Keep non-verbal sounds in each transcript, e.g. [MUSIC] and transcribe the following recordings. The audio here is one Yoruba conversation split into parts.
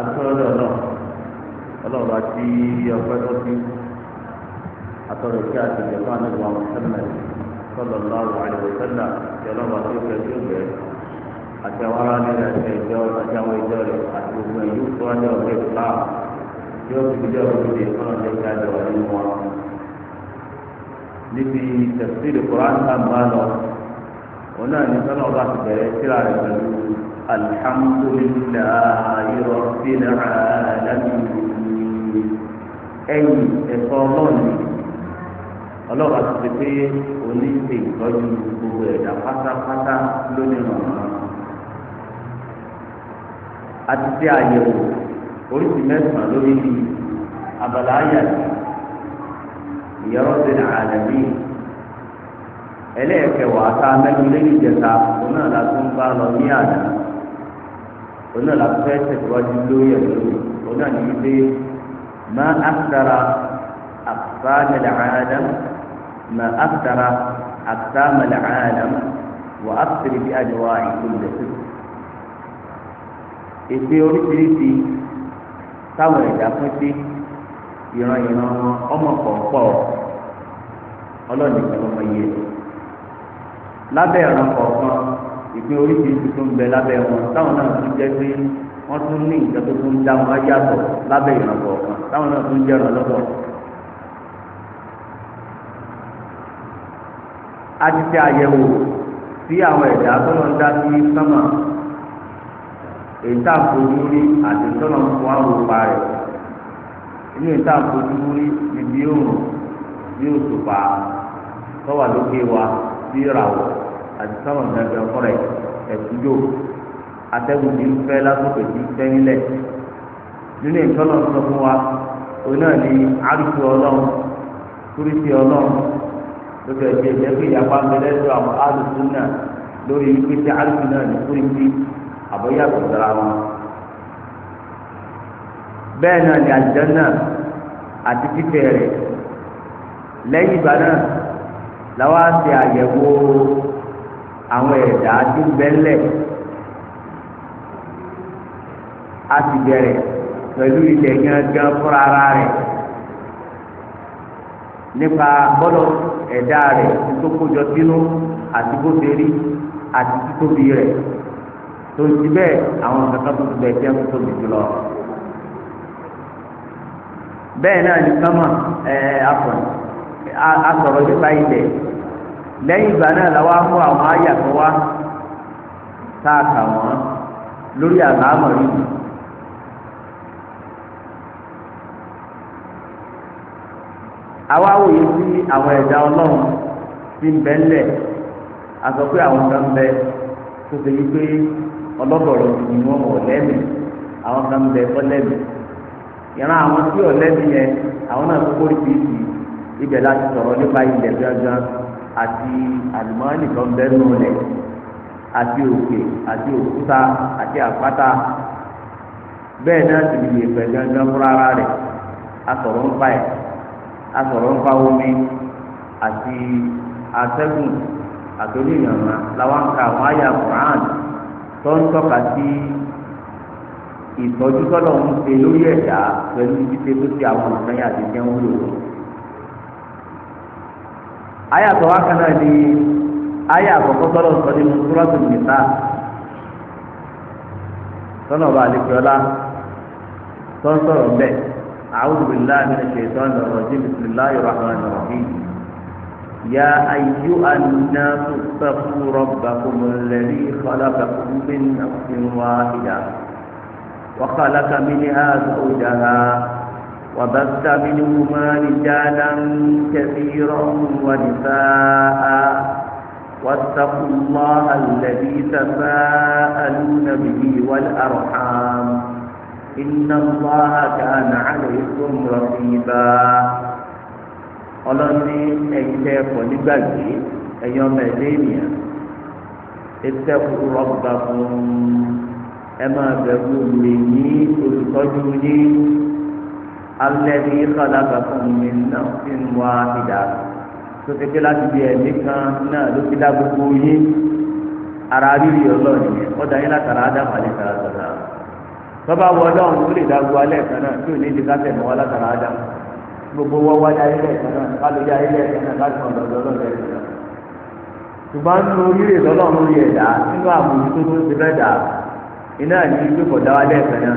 atọ́lọ́dọ̀ náà ọlọ́run bá ti tó ti atọ́lọ́ kí a ti jẹ̀fọ́ àníbọ̀ àwọn sẹ́lẹ̀ sọ́lọ̀ lọ́rùn àìwò sẹ́lẹ̀ tí ọlọ́run bá ti tó bẹ̀ àti àwọn àti àwọn ìjọ àti gbogbo yóò tó ìfúlá fi òkúté jọ wọn. níbi الحمد لله رب العالمين ẹ̀yìn ẹ̀kọ́ ọlọ́run ọlọ́run àti ṣe pé òní ṣe ìtọ́jú gbogbo ẹ̀dá pátápátá lónìí ọ̀nà àti ṣe àyẹ̀wò oríṣi mẹ́sàn-án lórí abala ayàtì ìyẹ́rọ́ ṣe àlẹ́mí ẹlẹ́ẹ̀kẹwàá tá a mẹ́nu lé níjẹta òun náà la tún bá lọ ní àná onáà la fẹ́ tẹ̀síwájú lórí ẹ̀ lórí onáà ní wípé má àkàrà àkàmẹ̀lẹ̀ àádám má àkàrà àkàmẹ̀lẹ̀ àádám wà á fèrè bí àdìwá ìkúlẹ̀ sí. èpè oríṣiríṣi táwọn ẹ̀dá pín sí ìran ìran wọn ọmọ kọ̀ọ̀pọ̀ ọlọ́ọ̀nì kan ló mọ lábẹ́ ìran kọ̀ọ̀kan ìpín oríṣiríṣi tó ń bẹ lábẹ́ wọn táwọn náà tún jẹ́ pé wọ́n tún ní nǹkan tó tún dá wọn yàtọ̀ lábẹ́ ìrànlọ́wọ́ kan táwọn náà tún jẹ́ ìrànlọ́wọ́. a ti ṣe àyẹ̀wò sí àwọn ẹ̀dá tọ́lọ́ ń dá sí sánmà èyí tá a fojú rí àti tọ́lọ́ ń fún àwọn òpa rẹ̀ inú èyí tá a fojú rí níbi òòrùn ní òṣùpá tọ́wà lókè wa sí ìràwọ̀ àti sáwọn gbàgbé ọkọrẹ ẹtù yóò atẹ́gùn ti ń fẹ́ lásìkò ti ń fẹ́ nílẹ̀ nínú ìtọ́nà sọ fún wa òun náà ni àrùsí ọlọ́run kúrìsì ọlọ́run lókè ẹ̀jẹ̀ ẹ̀jẹ̀ pé ìyapa ń bẹ lẹ́sọ̀ àwọn àrùsí náà lórí wípé tí àrùsí náà ní kúrìsì àbọ̀yàtọ̀ sára wọn. bẹ́ẹ̀ náà ni àlùjánnà àti fífẹ́ rẹ̀ lẹ́yìn ìgbà náà làwọn á ṣe àyẹ̀wò àwọn ẹ̀dá tí bẹ́lẹ̀ a ti bẹ̀rẹ̀ pẹ̀lú ilẹ̀ gángan fúnra ara rẹ̀ nípa bọ́lọ̀ ẹ̀dá rẹ̀ tó kójọ sínú àti bó ṣe rí àti títóbi rẹ̀ tó ti bẹ́ẹ̀ àwọn kankan tó ti bẹ̀ jẹ́ tó tóbi jùlọ. bẹ́ẹ̀ lẹ́yìn ìgbà náà làwọn àwọn tó wá tá a kà wọ́n lórí àlámọ̀ yìí. àwa wòye sí àwọn ẹ̀dá ọlọ́run tí ń bẹ ńlẹ̀ a sọ pé àwọn kan bẹ tó ṣe yí pé ọlọ́dọ̀ọ̀rọ̀ ni wọ́n wọ̀ lẹ́mìí àwọn kan bẹ kọ́ lẹ́mìí ìran àwọn tí ò lẹ́mìí yẹn àwọn náà kórìkì ibẹ̀ láti sọ̀rọ̀ àti àlùmọ́ọ́nì tó ń bẹ́nu rẹ̀ àti òkè àti òkúta àti àpáta bẹ́ẹ̀ náà sì lè pẹ̀ gángan fúnra ara rẹ̀ asọ̀rọ̀ ń pa ẹ̀ asọ̀rọ̀ ń pa omi àti atẹ́gùn àtòlú ìyànmá làwọn ń àwọn àyà Quran tó ń tọ́ka sí ìtọ́jú tọ́lọ̀ ń ṣe lórí ẹ̀dá pẹ̀lú títí tó ṣe àwọn ìfẹ́yà àti ìjẹun lòlò ayé àtọwá kan náà ni ayé àkọ́kọ́ tọ́lọ̀ sọ nínú túrọ́tù nìta tọ́lọ̀ bá àlejòọ́lá tó ń sọ̀rọ̀ bẹ́ẹ̀ a'udhu billahi minash shaitani rrajim bismillahir rahmanir rahim ya ayyuhan nasu ittaqu rabbakumul ladhi khalaqakum min nafsin wahidah wa khalaqa minha zawjaha. وبث منهما رجالا كثيرا ونساء واتقوا الله الذي تساءلون به والأرحام إن الله كان عليكم رقيبا ọlọ́ni ẹ̀yin tẹ́ ẹ̀kọ́ nígbàgbé ẹ̀yin ọmọ ẹ̀dẹ́ ènìyàn ẹ̀tẹ́kù rọ́bà fún ẹ máa bẹ̀rù olùyìn olùtọ́jú yín alẹ́bí kọ́lábà fún mi náà fi ń wá ìdá sókèké láti di ẹ̀mí kan náà ló fi dá gbogbo yín ara rírì ọlọ́ọ̀ni ọ̀dà yín látara ádámù àlẹ́kàrà sọ̀tà tọ́ba wọ ọlọ́run tó lè dá gbogbo alẹ́ kan náà tí ò ní di ká tẹ̀mọ́ wá látara ádámù gbogbo wọ́n wá yá ilé ẹ̀kan náà ká ló yá ilé ẹ̀kan náà láti ọ̀dọ̀ ọ̀dọ̀ ọ̀dọ̀ ẹ̀kan náà ṣùgbọ́n nínú rírì lọ́lọ́run rí ẹ̀dá nínú àmójútó tó ti fẹ́ dà iná ìdí pé kò dá náà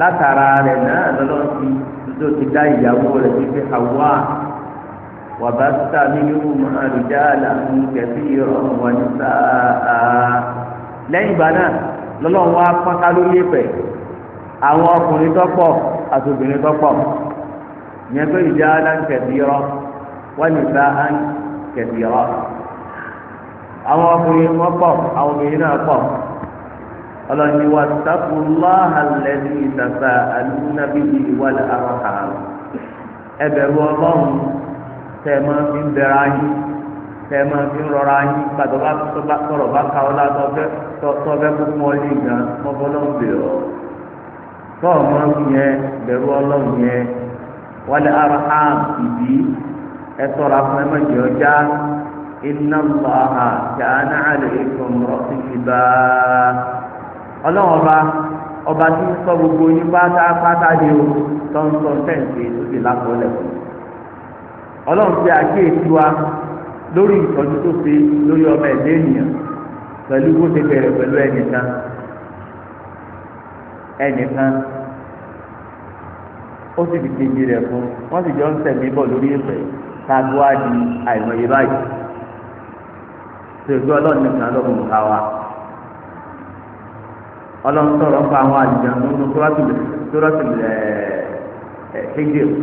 látara rẹ̀ náà lọ́lọ́ ti tó ti dá ìyàwó rẹ̀ fífi Hawa wàbàtà nínú àrùjáàlà ń kẹfì ọ̀hún wọn ní sáà lẹ́yìn ìgbà náà lọ́lọ́run wá pọ́nká lórí ẹ̀pẹ̀ àwọn ọkùnrin tọ́pọ̀ àti obìnrin tọ́pọ̀ yẹn pé ìjáàlà ń ọ wọn ní sáà ń ọ àwọn ọkùnrin wọn pọ̀ àwọn obìnrin náà pọ̀ ọlọ́ni wa takuláha lẹ́ni ìtàfà alúnàbí ìwàlẹ̀ àràkà ẹbẹ̀rù ọlọ́run tẹ́ ẹ máa fi ń bẹ̀rẹ̀ ayé tẹ́ ẹ máa fi ń rọra ayé gbàdọ̀ bá sọ̀rọ̀ bá ka ọ́ látọ̀ fẹ́ tọ́ fẹ́ ìgbà mọ́fọ́ lọ́n bè ọ́ tọ́ yẹn bẹ̀rù ọlọ́run yẹn wàlẹ̀ àràkà ìdí ẹ sọ̀rọ̀ afún ẹ má ọjà iná lọ́ha kí a náà lè kọ́ mọ́ ọlọ́run ọba ọba tí gbogbo yín pátápátá ni o tó ń sọ tẹ̀sí lápọ̀lẹ̀ fún ọlọ́run ti àkíyèsí wa lórí ìtọ́jú tó lórí ọmọ ẹ̀dá ènìyàn pẹ̀lú bó ṣe bẹ̀rẹ̀ pẹ̀lú ẹnìkan ẹnìkan ó sì fi rẹ̀ fún wọ́n sì jọ ń tẹ̀mí lórí ọlọ́run sọ̀rọ̀ pa àwọn àjùjọ nínú sórọ́sì ẹ̀ẹ́dẹ́gbẹ̀ eh,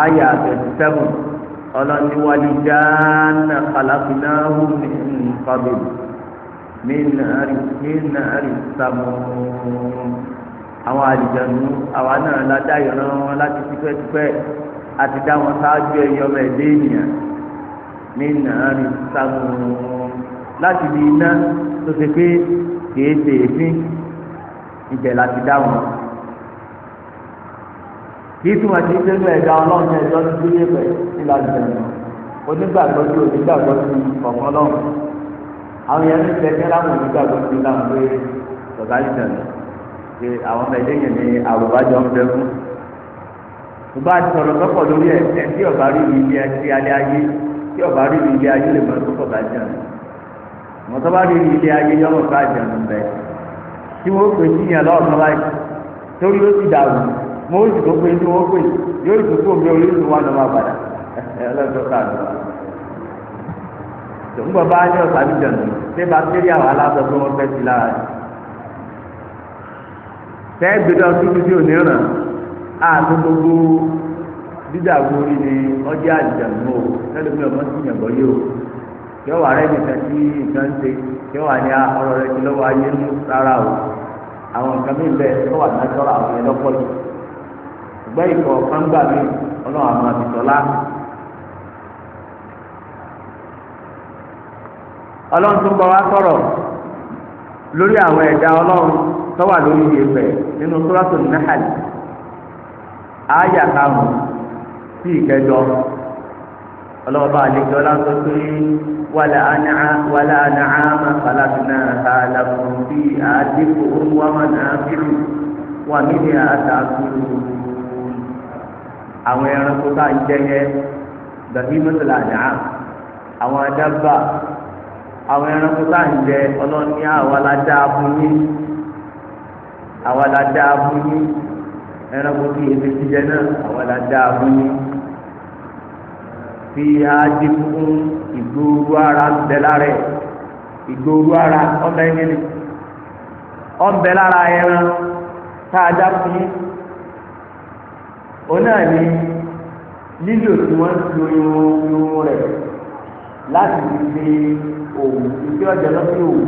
àyà eh, twenty seven ọlọ́run ní wàlí jáánà kàlákùnáhù ní nkọ́bẹ̀ mí nàárì sàmù àwọn àjùjọ nínú àwa náà ládá ìran wọn láti tipẹ́tipẹ́ àti dá wọn sáájú ẹ̀yọ́mọ̀ ẹ̀dẹ́ ènìyàn mí nàárì sàmù láti di iná tó ṣe pé kìí ṣe èéfín ibẹ̀ láti dá wọn kìí túmọ̀ sí pé ní ẹ̀dá ọlọ́run ní ẹjọ́ tó yé pẹ̀ nílá ìbẹ̀rù onígbàgbọ́ tí onígbàgbọ́ ti kọ̀ọ̀kan lọ́run àwọn yẹn ní pẹ̀kẹ́ láwọn onígbàgbọ́ ti láwọn pé sọ̀gá ìbẹ̀rù pé àwọn ọmọ ẹ̀dẹ́yìn ni àrùbájọ ń bẹ fún ìgbà àti sọ̀rọ̀ sọ́pọ̀ lórí ẹ̀ ẹ̀ tí ọ̀bá rí ilé ayé tí ọ̀bá rí ilé ayé lè mọ̀ ẹ́ tó sọ̀gá ìbẹ̀rù àwọn tó bá rí ilé ayé yọmọ ká ìjẹun bẹ tí wọn pè sí yẹn lọ́ọ̀kan láì torí ó ti dàrú mo ọrụ tó pé tí pè yóò tó tó bá ní ọ̀sán ṣé àwọn aláṣọ tó fẹ́ lára rẹ̀ tuntun àti gbogbo dídàgbò orí ni ọjà yóò wà rẹ nìkan tí nǹkan ṣe wà ní rẹ ti lọ́wọ́ ayé mú rárá o àwọn nǹkan mi bẹ tó wà ní sọ̀rọ̀ àwọn yẹn lọ́pọ̀ jù ṣùgbọ́n ìkọ̀ kángbà mi ọlọ́run àwọn àbìsọ́lá tó wá lórí àwọn tó wà lórí ọlọ́ọ̀bá àlejò ọlọ́sọ pé wàlà ànàámà kàlàbìnà àlàfún bí àdékò wàmánà bírù wà níbi àtàkùn àwọn ẹranko tá à ń jẹ yẹn gbàgbé mọ́tòlá ànàám àwọn adábà àwọn ẹranko tá à ń jẹ ọlọ́ni àwa la dá a fún yín ẹranko tí èdè ti jẹ náà àwa la dá fi adi fún ìgboro ara ń bẹ lára ẹ ìgboro ara ọbẹ yẹn ọbẹ lára ẹran tá a dá fún òun náà ni lílò tí wọn lo irun irun rẹ láti fi fi òwò ìfẹ́ ọjà lọ sí òwò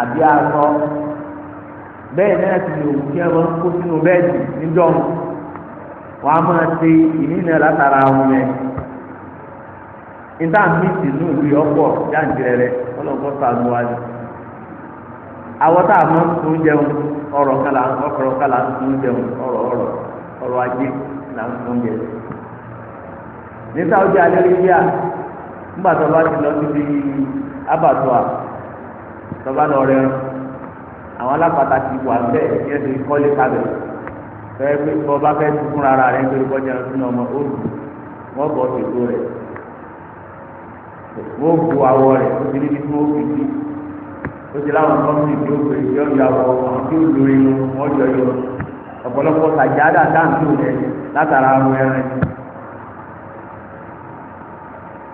àbí aṣọ bẹ́ẹ̀ náà ti lè òwò kí ẹ máa kó sínú bẹ́ẹ̀dì níjọ́ wọn a máa ṣe ìnínà látara wọn yẹn. níta míìtì nù ya ọ̀pọ̀ jáǹtirẹrẹ ọlọ́pọ̀ sànù wa ni àwọn tá a mọ̀ ń jẹun ọ̀rọ̀ kala ọ̀rọ̀ kala ń jẹun ọ̀rọ̀ ọ̀rọ̀ ọ̀rọ̀ ajé là ń tún jẹ ní alẹ́lẹ́yà tó bá ti lọ síbi tó bá lọ rẹ àwọn alápàtà ti wà bẹ́ẹ̀ kọ́lé fẹ́ẹ́ bọ́ wọ́n bu awọ rẹ̀ ó ti níbi tí wọ́n fi bí ó ti láwọn kọ́mìnì tí ó pè yọ yọ awọ àwọn tí ó lórí inú wọ́n jọ yọ ọ̀pọ̀lọpọ̀ sàjáàdà dáńtì rẹ̀ látara àwọn ẹran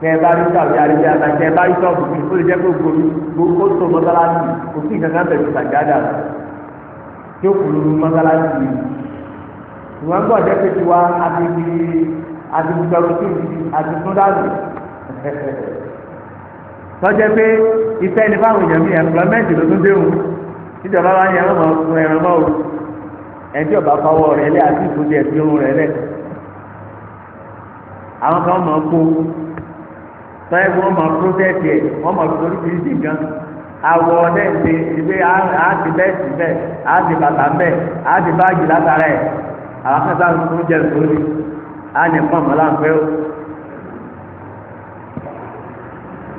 tẹ ẹ bá rí sàbí àríwí àgbà tẹ ẹ bá rí sọ́ọ̀bù mi ó lè jẹ́ gbogbo mi gbogbo tó mọ́sálásì kò sí ìkankan bẹ̀rù sàjáàdà tí ó kúrú mọ́sálásì yìí ìwọ̀n gbọ́dọ̀ jẹ́ pé tiwa àti àti gbẹrù sí àti túndàlù. tọ́jẹ́ pé iṣẹ́ ní fáwọn èèyàn bíi ẹ̀ńpọ̀lọ́mẹ́ǹtì ló tún dé òun níjọba wa ní ẹ̀rọ fún ẹ̀rọ mọ́ òun ẹ̀ńtí ọ̀bá fọwọ́ rẹ̀ lẹ́ àti ìfúnjẹ ẹ̀sìn òun rẹ̀ lẹ̀ àwọn kan kó tọ́jẹ́ pé wọ́n ẹ̀ wọ́n gan awọ ọdẹ ti bàtà báàgì látara àwọn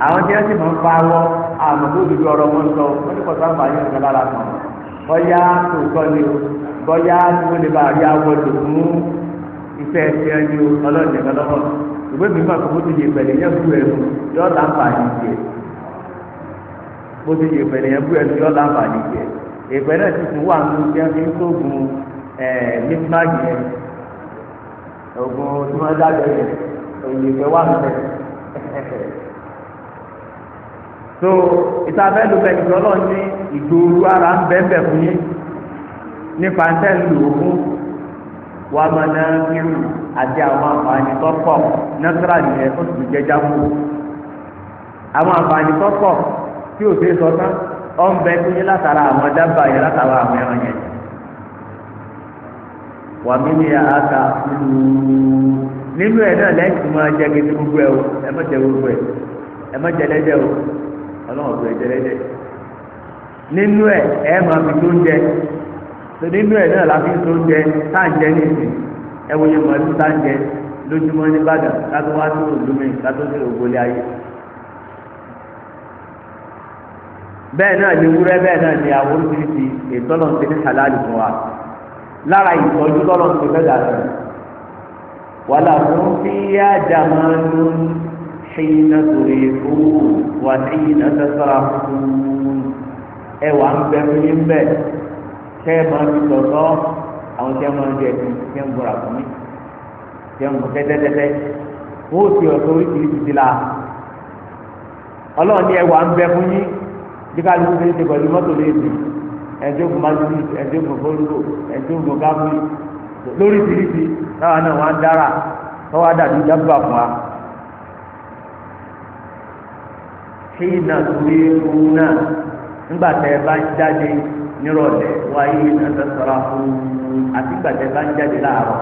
àwọn tí wọn sì máa ń fa wọ àmọ̀tò òdodo ọ̀rọ̀ wọn sọ wọn ní kò sáà fà yín ọ̀gá lára kan bọ́yá tòótọ́ ni o bọ́yá tí wọ́n lè bá rí àwọn lò fún iṣẹ́ ẹ̀sìn ẹni o ọlọ́ọ̀dẹ̀ lọ́wọ́ ìwé mi máa kókó ti yè pẹ̀lẹ́ yẹn bú ẹnu yọ láǹfààní jẹ kó ti yè pẹ̀lẹ́ yẹn bú ẹnu yọ láǹfààní jẹ ìpẹ́ náà ti fún wa ní ibi ẹni tó gun mímáàgì yẹn ogun tí wọ́n dájọ́ yẹn òyìnbẹ́ wà ń bẹ̀ [LAUGHS] so ìtafẹ́ ló bẹ̀ ìjọ ní ìgbòòrú ara ń bẹ́ẹ̀ fún yín nípa ń tẹ́ lò ó fún wa máa ná irú àti àwọn àǹfààní tó pọ̀ nátúrà nìyẹn ó sì jẹjá fún un àwọn àǹfààní tó pọ̀ tí ò sí sọ tán ọ ń fún ni nínú náà lẹ́yìn tí mo máa o ẹ má jẹ gbogbo ẹ̀ ẹ má jẹ ọlọ́run tó ẹ̀jẹ̀ lẹ́jẹ̀ nínú ẹ̀ ẹ̀ máa fi tó ń jẹ tó nínú ẹ̀ náà láti tó ń jẹ tá à ń jẹ ẹ wòye tá à ń jẹ lójúmọ́ ní kátó wá sí kátó sí ògbólé ayé bẹ́ẹ̀ náà ni wúrẹ́ bẹ́ẹ̀ náà ni àwọn oríṣiríṣi ìtọ́nà ti ní fún wa lára حين تريحون وحين تسرحون ẹ wà ń bẹ fún yín bẹ kẹ ẹ كم fi tọ̀tọ̀ àwọn tí ẹ máa ń jẹ ẹbí tí ẹ ń bọ̀rọ̀ fún mi tí ẹ ń bọ̀ tẹ́tẹ́tẹ́tẹ́ ó ti ọ̀tọ̀ oríṣiríṣi ti la ọlọ́run ní ẹ ń bẹ fún yín bí kálukú fi ṣe pẹ̀lú mọ́tò léèdì ẹ̀jẹ̀ ògùn májúlì ẹ̀jẹ̀ ògùn fólúgbò ẹ̀jẹ̀ ògùn gáfúlì lóríṣiríṣi táwa náà wà ń dára tọ́wọ́ dàbí dábùbà fún wa. hina torí runa náà nígbà tẹ ẹ bá ń jáde nírọ̀lẹ́ wáyé nàta sọ̀rọ̀ fún un àti nígbà tẹ ẹ bá ń jáde láàárọ̀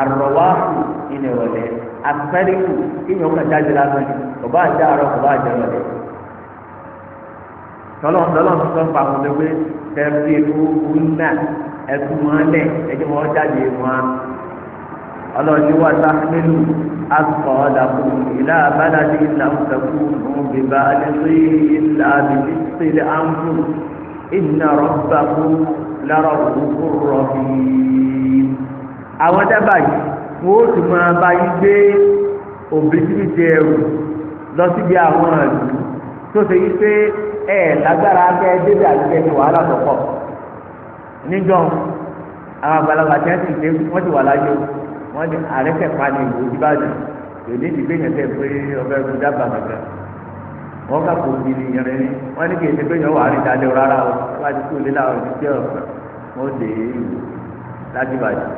àrọ̀wáhù ìnìrọ̀lẹ́ àfẹ́rẹ́kù kínyìn ọkàn jáde lásán ọba àjẹ àárọ̀ ọba àjẹ rọ̀lẹ́. tọ́lọ́n tọ́lọ́n tó sọ́n أثقالكم إلى بلد لم تكونوا ببالغيه إلا بجسد الأنفس إن ربكم لرؤوف رحيم àwọn dábàá yìí wọ́n ó tún máa bá yín gbé òbítíbitì ẹrù lọ síbi àwọn àlù tó ṣe yí pé ẹ lágbára kẹ dédé àgbẹ ní wàhálà tó pọ̀ níjọ́ àwọn àgbàlagbà tí wọ́n ti wà láyé o wọ́n ní àrẹ́sẹ̀pá ní ìlú ga lòdì ìdìbò yẹn tẹ̀ pé ọbẹ̀ ẹ̀kú dábàá kankan wọ́n kó yẹn wọ́n ní kì í pé yẹn wà á rí dalẹ̀ rárá o wọ́n ti kú lílá ọ̀rọ̀ títí ọ̀pẹ̀ wọ́n dé ìlú láti bàjẹ́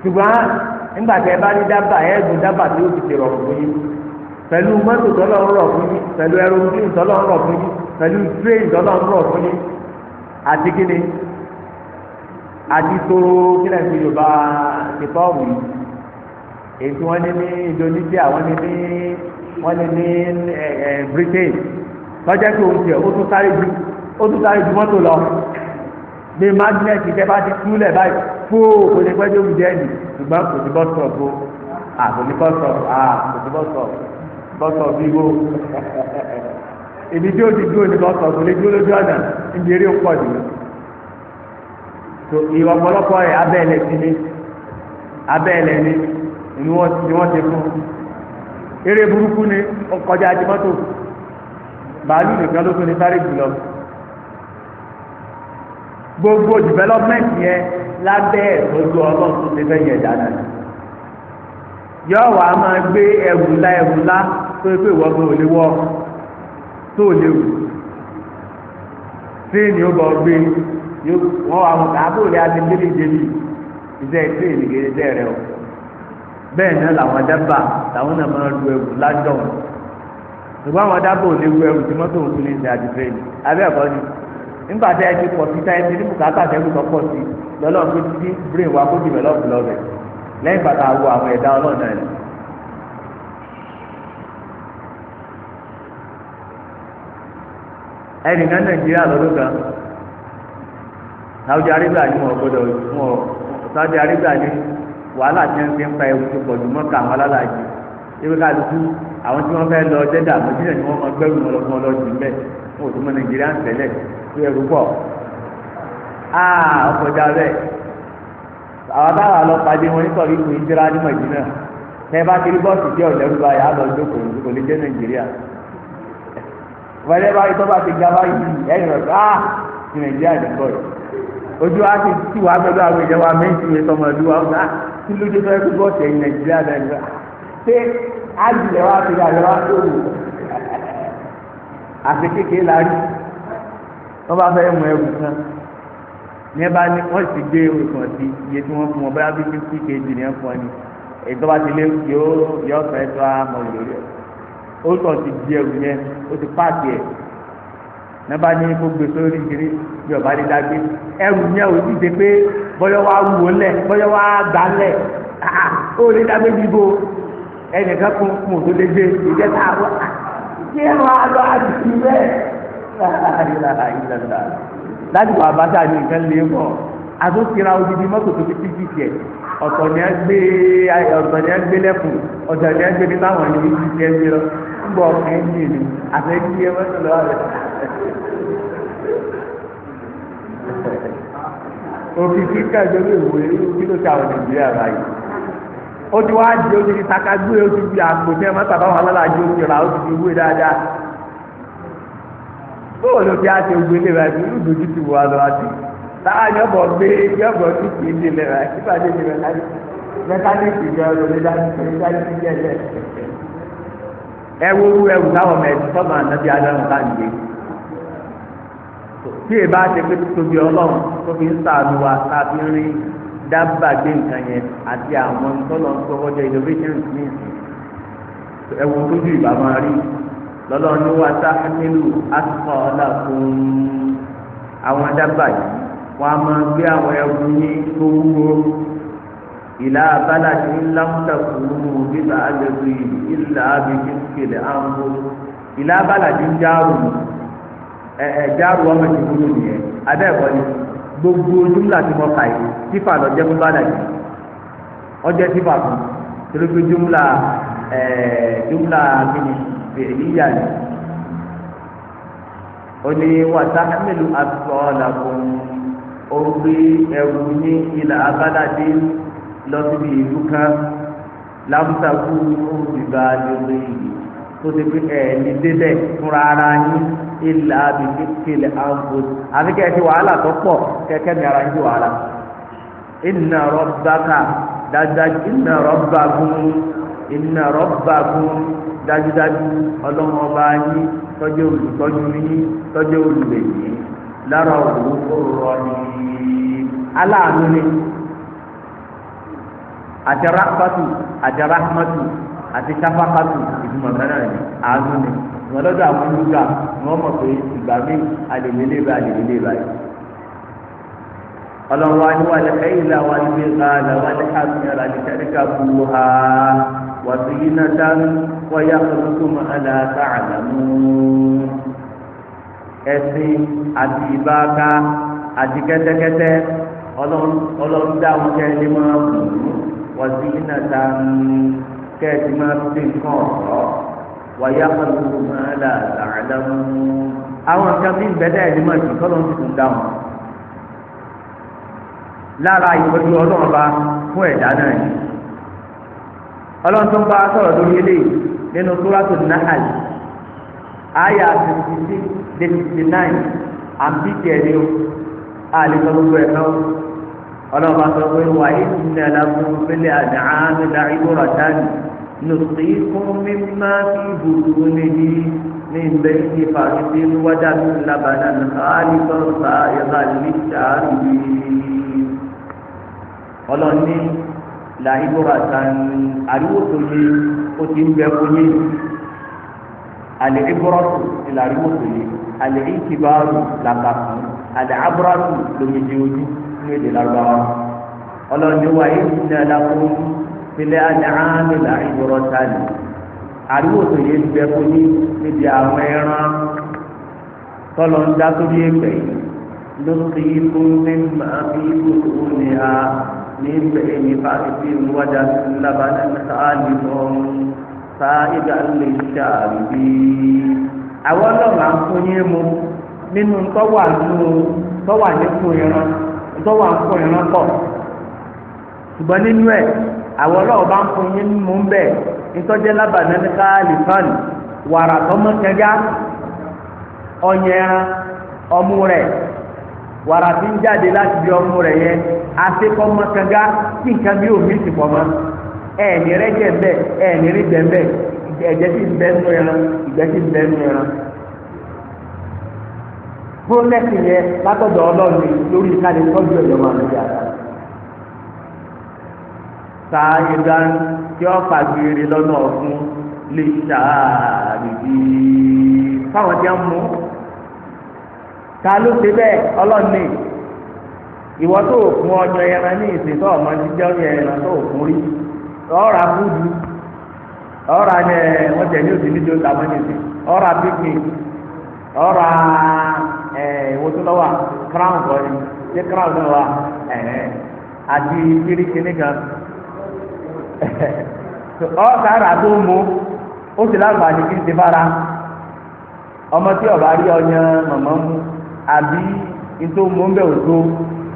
ṣùgbọ́n nígbà tẹ́ bá ní dábàá dábàá tí ó ti fún yín pẹ̀lú mọ́tò tọ́lọ́ ń rọ̀ fún àti tó kílẹ̀ fi yorùbá ti pọ́ọ̀mù yìí èyí tí wọ́n ní ní Indonesia wọ́n ní ní wọ́n ní ní Britain lọ́jọ́ tó ń tiẹ̀ ó tún sáré ju ó tún sáré ju mọ́tò lọ bí magnet jẹ́ bá ti túlẹ̀ báyìí fóò kò ní pẹ́jọ́ mi jẹ́ni ṣùgbọ́n kò sí bọ́ sọ̀rọ̀ o à kò ní bọ́ sọ̀rọ̀ à kò sí bọ́ sọ̀rọ̀ bọ́ sọ̀rọ̀ bí wo [LAUGHS] ibi tí ó ti dúró ní bọ́ sọ̀rọ̀ kò ní dúró lójú ọ̀nà ìbéèrè ń pọ̀ jù lọ. tó ìwà ọ̀pọ̀lọpọ̀ rẹ̀ abẹ́ẹ̀lẹ̀ ti ní abẹ́ẹ̀lẹ̀ ni ni wọ́n ti fún eré burúkú ni ọkọjá ti mọ́tò bàálù nìkan ló tún ní sáré gbogbo development yẹn lábẹ́ ọlọ́run tó ti yẹ dáadáa ni yọ máa gbé ẹrù ńlá ẹrù ńlá tó lè tó lè wọn wà wọn kàá bóòlù adébílẹ̀ ìdèbí iṣẹ́ ìṣe ìdíkẹ́ iṣẹ́ rẹ o bẹ́ẹ̀ náà làwọn dábà làwọn náà máa lu ẹrù lájọ ṣùgbọ́n àwọn dábà ò lè lu ẹrù tí mọ́tò òkú lè ṣe àdìfẹ́ yìí abẹ́ ẹ̀kọ́ ni nígbà tí ẹ ti pọ̀ sí táyé ti ní bùkátà tẹ́lú tó pọ̀ sí lọ́lọ́ pé títí brain wa kó dìbẹ̀lọ́pù lọ́bẹ̀ lẹ́yìn bàtà wo àwọn ẹ̀dá ọlọ́ọ̀nà rẹ̀. ẹnì kan Nàìjíríà lọ́dún kan Saudi Arabia ni wọn gbọ́dọ̀ wọn Saudi Arabia ni wàhálà tí wọn fi ń pa ewu tó pọ̀ jù mọ́ ká àwọn alálàájì ebi ká dúdú àwọn tí wọn fẹ́ lọ jẹ́dà Nàìjíríà ni wọ́n máa gbẹ́rù wọn lọ fún ọ lọ jù mbẹ́ wọn ò tún mọ Nàìjíríà ń tẹ̀lẹ̀ tó ẹrú pọ̀ aa ọkọjà bẹ́ẹ̀ àwọn táwọn alọ́pàdé wọn nítorí ìpín ìjìrá ní Mọ̀jìnà tẹ́ bá kiri bọ́ọ̀sì jẹ́ ọ̀dẹ́rú báyà á lọ jókòó lè jẹ́ Nàìjíríà wọ́n yẹ báyìí tó bá ti ga báyìí ẹ̀yìn rẹ̀ ká ti Nàìjíríà ní bọ́ọ̀lù ojú wa ti tù wá pẹ̀lú àwọn ìjọba méjì yẹn sọmọ ìlú wa ọ̀gá ah, kí ló dé fẹ́ kó bọ́ọ̀sì ẹ̀yìn nàìjíríà dàgbà ah, ṣé àjùlẹ̀ wa fi àjọ wa tó wù àti kékeré la rí wọ́n bá fẹ́ mú ẹrù kan ní ẹ bá ní wọ́n sì gbé ẹrù kan sí iye tí wọ́n fún wọn bóyá bí fifty kg ní ẹ fún ọ ni ti lé yóò yọ ọ̀sán ẹ̀ tó a mọ̀ lórí ẹ̀ ó sọ̀ ti di ẹrù yẹn ó ti pààkì ẹ̀ nàbà ní kó gbé sórí kiri bí ọba lè dàgbé ẹrù yẹn ò ti dé pé bọ́yọ̀ wá wúwo lẹ̀ bọ́yọ̀ wá gbà lẹ̀ ó lè dàgbé dìbò ẹnìkan kún kún tó lè gbé ìjẹta àwọn kí ẹ máa lọ àdìsí bẹ́ẹ̀ láti wà bá sáà ní nǹkan lè mọ̀. àtúntìra odidi mọ́tò tó fi títí tiẹ̀ ọ̀tọ̀ ni ẹ gbé ọ̀tọ̀ gbé lẹ́kùn ọ̀tọ̀ gbé ní táwọn ẹni títí tiẹ̀ ń ń ń òfin kíkà ìwé àwọn nàìjíríà báyìí ó ti wá di ó ti di ó ti di àpò tí ẹ má sábà táwa yọ bọ̀ gbé yọ bọ̀ tí kì í dilẹ̀ rà sípàdé ti rẹ̀ láyé mẹkáníìkì jẹ́ olùdarí jẹ́ ẹ̀ ẹ wo wu ẹwù táwọn ọmọ ẹ̀sìn tọ́gbà ànábi adáhùn bá ń gbé tí èèbá ti pé tóbi ọlọ́run tó fi ń sàánú wa tàbí rí dábà gbé nǹkan yẹn àti àwọn tọ́lọ̀ ń sọ ọjọ́ innovation ní ẹ̀wù tójú ìbámu rí lọ́lọ́run ní wàtá nílùú asọ́ọ̀lá fún àwọn dábà yìí wọn a máa gbé àwọn ẹrù yín tó wúwo ìlà abálàjì ńlá ń tẹkùnú bíbá àgbègbè ìlà àbíkí kele àǹbó ìlà abálàjì ń jáàrú ẹ ẹ jáàrú ọmọ ìdìbò nìyẹn abẹ́ẹ̀kọ́ ni gbogbo júmùlà tí mo kà tífà lọ jẹ́ fún bálàjì ọjọ́ tífà fún torí pé ẹ júmùlà kìíní fèlíyà ni ó ní wàtá mélòó àtúntò ọ̀làkùn ó gbé ẹrù ní ilà abádàdé lọ síbi ìlú kan lámùsàkú òdìgbà lórí ìlú tó ti pé ẹ̀ẹ́dì débẹ̀ fúnra ara yín ilà àbíké kele àǹfò àbí kẹ́ẹ̀kì wàhálà tó pọ̀ kẹ́kẹ́ mi ara yín wàhálà ìnà rọ́bàkà dájúdájú ìnà rọ́bàkùn ìnà rọ́bàkùn dájúdájú ọlọ́mọba yín tọ́jú olùtọ́jú yín tọ́jú olùwẹ̀ yín lára òwúrọ̀ yín aláàánú ni àti rahmatu àti rahmatu àti safakatu ìdúmọ̀ náírà ni ni wọn lọ́dọ̀ àwọn olùgbà wọn mọ̀ pé ìgbà mi àlèlélé bá àlèlélé báyìí ọlọ́wọ́ àníwá lẹ́ka ìlà wa níbi ìgbà àlàwà lẹ́ka àbúyàrá ní sẹ́ríkà bu ha wà sí iná dánú wáyà olùkọ́mọ aláàtà àlámú ẹ̀sìn àti ìbáka àti kẹ́tẹ́kẹ́tẹ́ ọlọ́run dá wọn kẹ́ ẹ lè máa bù ú wọ́n sí iná ta kẹ́ ẹ ti máa fi nǹkan ọ̀rọ̀ wàyà kọlùkù máa là làálà mú. àwọn nǹkan bí bẹ́ẹ̀ ẹ̀ lè máa jù tọ́lọ́run ti tún dá wọn. lára ìtọ́jú ọlọ́run bá fún ẹ̀dá náà ni. ọlọ́run tó ń bá sọ̀rọ̀ lórí eléyìí nínú kúrátù náhàlì àyà sixty six dé nine àbí tẹ̀lé o àlè sọ gbogbo ẹ̀ náà. ربكم وإن لكم في الأنعام لعبرة نسقيكم مما في بطونه من بين فرد ودم لبنا خالصا سائغا للشاربين قالوا إن لعبرة أروتني أتم بكم العبرة الأروتني الاعتبار لبنا العبرة لمجيوجي nínú èdè lágbára ọlọ́ni wa yìí ti ní ẹ̀dákùn sílẹ̀ àdáhàmì làrí ìrọ̀ tani àríwò tó yẹ gbẹ fún yín níbi àwọn ẹran tọ́lọ̀ ń dá sórí ẹgbẹ́ yìí lórí fún mímọ́ àbí kòkòrò ní a ní bẹ̀rẹ̀ ní fásitì ìwádà lábàdàn sáàlì fún sáàìdà lè ṣàbí. àwọn ọlọ́run à ń fún yín mu nínú tọ́wà nínú tọ́wà nínú ìran. tọ́wọ́ àpò ìran pọ̀ ṣùgbọ́n nínú ẹ̀ àwọn ọlọ́wọ́ bá ń fún yín mú ń bẹ̀ nítọ́jẹ́ káàlì fan wàrà tọmọkẹjá ọyàn ẹran wàrà tí ń jáde láti bí ọmú rẹ̀ yẹn àṣekọ́mọkẹjá nǹkan bí omi ti prọfẹsì yẹn látọ̀dọ̀ ọlọ́run lórí ìkàlẹ̀ tọ́jú ẹ̀yọ́ máa lórí àgbà. sáàyè gan tí ó fàgbére lọ́nà ọ̀fun lè ṣàrìbí fáwọn tí wọ́n mú. ta ló ṣe bẹ́ẹ̀ ọlọ́run ní ìwọ tó fún ọjọ́ ẹran ní ìsìn tó ọmọ ẹran tó rí búdú ní òsì ìwòsàn eh, lọ́wọ́ crown kọ́ ni crown crown náà wà eh, àti kiri kini kan [LAUGHS] ọ̀sára tó mú ó sì láǹfààní kí n ti fara ọmọ tí ọba rí ọyàn mọ̀mọ́ àbí nítorí mò ń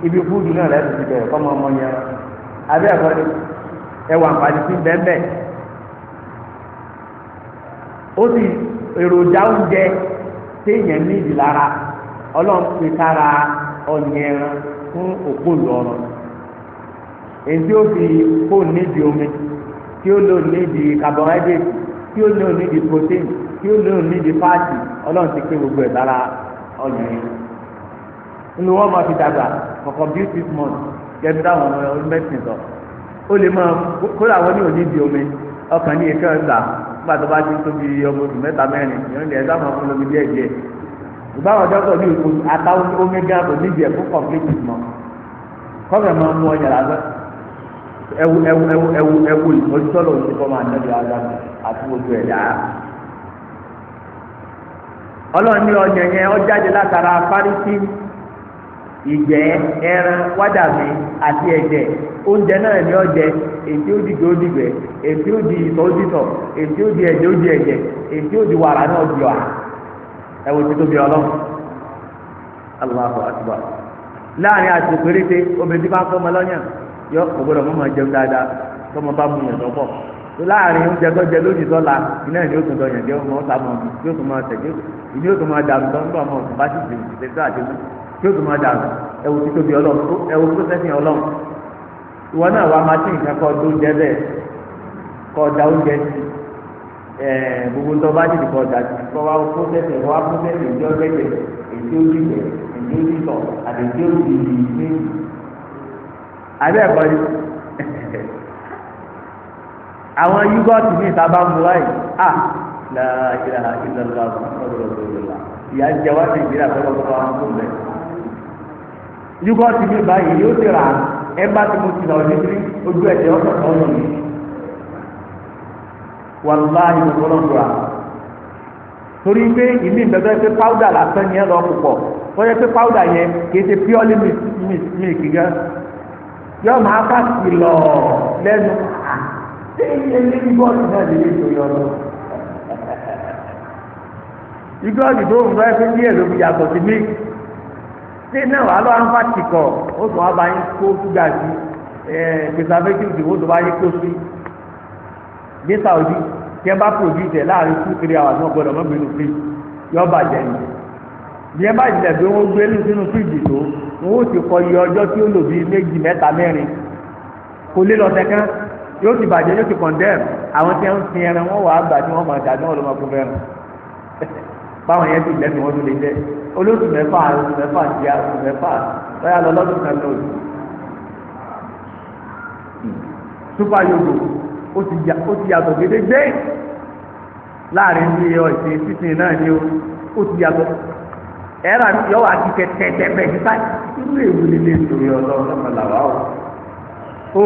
ibi fúdù náà rẹ̀ ti bẹ̀rẹ̀ kọ́ èròjà oúnjẹ ọlọ́run pè kára ọ̀yẹ̀ ẹran fún òpó lọ́rọ̀ èyí ó fi kó nídìí omi tí ó lò nídìí carbohydrate tí ó lò nídìí protein tí ó lò nídìí fáàtì ọlọ́run ti pé gbogbo ẹ̀ lára ọ̀yẹ̀ ẹran nínú wọn máa fi dàgbà kọ̀ọ̀kan bíi six months gẹ́gẹ́ táwọn ọmọ onímẹ̀sìn sọ ó lè máa kódà wọn ní òní di omi ọkàn ní èké ọ̀gbà nígbà tó bá ti tóbi ọmọ oṣù mẹ́ta mẹ́rin ìrìnlẹ̀ ẹ̀dá máa fún lómi díẹ̀ ìbáwọn dọ́tọ̀ ní ìfò àtàwọn omega kò níbi ẹ̀kú kọ̀m̀plétì mọ́ kọ́mẹ̀ máa mú ọyàn lábẹ́ ẹwu ẹwu ẹwu ẹwu ẹwu ìfọ̀sọ́lọ̀ òsì kọ́ máa nẹ́bi ọlọ́run ní yẹn ó jáde látara fárísì ìgbẹ́ ẹran wádàmí àti ẹ̀jẹ̀ oúnjẹ náà ní ọjẹ èyí ó di gbé ó di gbẹ èyí ó di ó di èyí ó di ẹ̀jẹ̀ ó di ẹ wo títóbi ọlọ́run Allahu Akbar láàrin àti péréte obìnrin tí bá kọ́ ọmọ lọ́yàn yọ ògbọ́dọ̀ mọ́ máa jẹun dáadáa tó mọ bá mú yàn lọ́pọ̀ tó láàrin oúnjẹ tó jẹ lónìí sọ́la iná ìní òtún lọ yàn jẹ́ ọmọ ọ̀sà mọ̀ tí ó tún máa tẹ̀lé ìní òtún máa dàrú tó ń bọ̀ ọmọ ọ̀sùn bá sì dì ìṣẹ́ tó àti tí ó tún máa dàrú ẹ wo títóbi ọlọ́run ẹ wo processing ọlọ́run ìwọ náà wàá máa tí nǹkan kọ́ ọdún jẹ́ bẹ́ẹ̀ kọ́ ọ̀dà oúnjẹ sí i gbogbo ntọ́ bá ti dìbò ọjà kọ́ wa pósẹ́sì kọ́ wa pósẹ́sì ìjọ gbẹ̀gbẹ̀ èdè ojú ìgbẹ̀ èdè ojú ìtọ̀ àti èdè ojú ìgbẹ̀ abẹ́ ẹ̀kọ́ ni àwọn yúgọ́ọ̀tì ní ìta bá mu à ìyá jẹ wá sí yóò ti rà ẹ bá ti ti lọ ní ojú ẹ̀jẹ̀ wàláhì ìgbọ́lọ́gbọ́ra torí pé ìmí ìgbẹ́gbẹ́ pé powder lásán ni ẹ lọ púpọ̀ wọ́n yẹ pé powder yẹn kì í ṣe purely milk gan yóò máa bá kìlọ̀ lẹ́nu àtẹ̀yìn eléyìí bọ́ọ̀lù náà lè lè tó yọ lọ. igbọ́ọ̀lù tó ń fẹ́ fún díẹ̀ ló fi yàtọ̀ sí milk ṣé náà wàá lọ́wọ́ ń fa tìkọ̀ ó sọ wá bá yín kó ṣúgà sí ẹ̀ẹ́dẹ̀gbẹ̀sà fẹ́ kí ìdìbò tó bá yín kó sí gbé sàwọ́dí tí ẹ bá produce ẹ láàrin two three hours náà gbọ́dọ̀ mọ́gbé nu fridge yọ bàjẹ́ ni bí ẹ bá jẹ pé wọ́n gbé ní sínú fridge tó wọ́n ó sì kọ iye ọjọ́ tí ó lò bíi méjì mẹ́ta mẹ́rin kò lé lọ sẹ́kán yóò ti bàjẹ́ yóò ti condemn àwọn tí wọ́n sin ẹran wọ́n wàá gbà tí wọ́n máa dàgbọ́n ọ̀dọ́ máa kó fẹ́ràn [LAUGHS] báwọn yẹn ti lẹ́nu wọn tó lè jẹ́ olóṣù mẹ́fà oṣù mẹ́fà di oṣù mẹ́fà lọ́yà lọ́lọ́dún kan lọ́dún hmm. ó ti yàtọ̀ gédégbé láàrin bí ọ̀sẹ̀ sísìn náà ni ó ti yàtọ̀ ẹ̀rọ àti ọwọ́ àti tẹ̀tẹ̀tẹ̀ ni lè ọzọ ọlọ́run lọ́mọ làwà o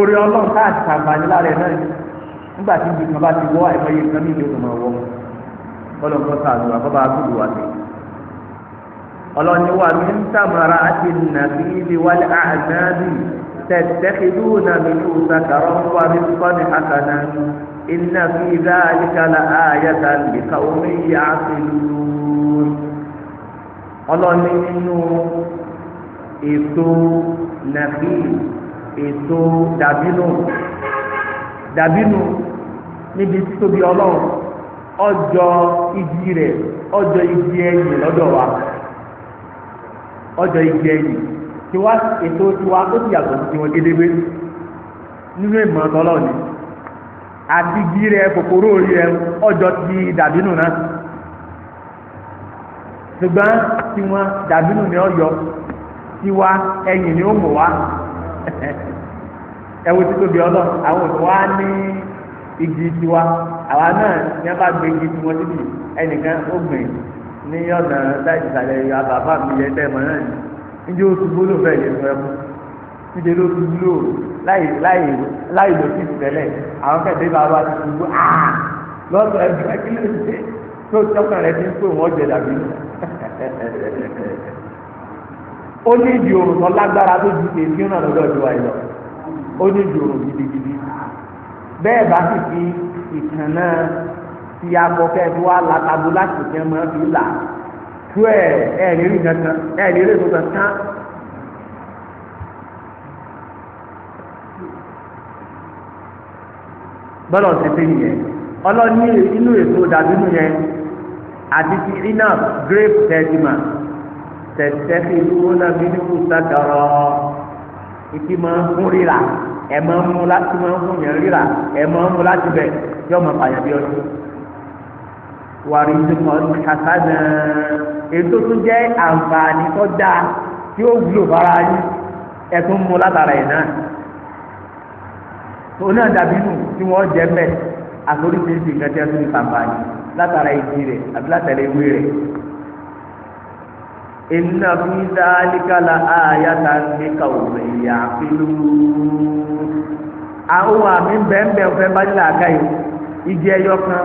orí ọlọ́run káàdì kàǹfààní láàrin náà nígbà tí ibi kan bá ti wọ́ àìmọye nǹkan ọlọ́run kọ́ àbábá gbùdù wà ọlọ́run ni wà ní àti nàbí ilé wálé تتخذون منه سكرا ka حسنا إن في ذلك لآية لقوم يعقلون ọlọ́ni nínú ètò nàbí ètò dàbínú dàbínú níbi títóbi ọlọ́run ọjọ igi rẹ̀ ọjọ igi ẹ̀yìn lọ́dọ̀ wa igi ẹ̀yìn. tiwa ètò tiwa ó ti yàtọ̀ sí tiwọn gédégbé nínú ìmọ̀ ọ̀tọ́lọ́ ni àdìgí rẹ kòkòrò rẹ ọjọ́ ti dàbínú náà ṣùgbọ́n tiwọn dàbínú ọyọ tiwa ẹ̀yìn ni ó mọ̀ wá [LAUGHS] tóbi ọlọ́ àwọn wa ní igi tiwa àwa náà ní a bá gbé igi tiwọn síbi ẹnìkan ó gbìn ní ọ̀nà láì yọ àbàbà mi tẹ́ njẹ́ o ti gbóló bẹ́ẹ̀ yẹn fẹ́ mú níjẹ́ ló ti gbóló láì láì láì lò sí ìtẹ́lẹ̀ àwọn kẹ̀kẹ́ bá wa ti gbó aa lọ́sọ̀ ẹ̀mí kí ló ṣe tó tọ́kàn rẹ ti ń pè wọ́n jẹ dàbí nù. ó ní ìdí òrùn tó lágbára tó ju èsì náà lọ́dọ̀ ju wa lọ ó ní ìdí òrùn gidigidi bẹ́ẹ̀ bá sì fi ìkànnà ti akọ kẹ́ẹ̀dúwà látàbó láti kẹ́ mọ́ fi là á tú ẹ ẹ lè rí nǹkan ẹ lè rí nǹkan tán. bọ́lọ̀ ti fi nìyẹn ọlọ́ni inú èso dàbí nù yẹn àti ti iná grape tẹ̀síma tẹ̀sẹ̀fì dúró náà bí nínú sàkàrọ̀ ìtì máa ń fún rírà ẹ̀ máa ń mú láti máa ń fún yẹn rírà ẹ̀ máa ń mú láti bẹ̀ yọ ọmọ pàyàn bí ọdún wàrìsìmọ̀ kàkánà ètò tó jẹ́ àǹfààní tó dáa tí ó wúlò fara yín ẹ̀tún mú látara ẹ̀ náà tó náà dàbí nù tí wọ́n jẹ́ mẹ́ àforíṣiríṣi nǹkan tí a tún ní kàǹfààní látara ìdí rẹ̀ àbí látara ewé rẹ̀. inna fi dhalika la ayatan ní kàwé yàfínú. àwọn àmì bẹ́ẹ̀ bẹ́ẹ̀ fẹ́ bá nílà àká yìí ẹyọ kan.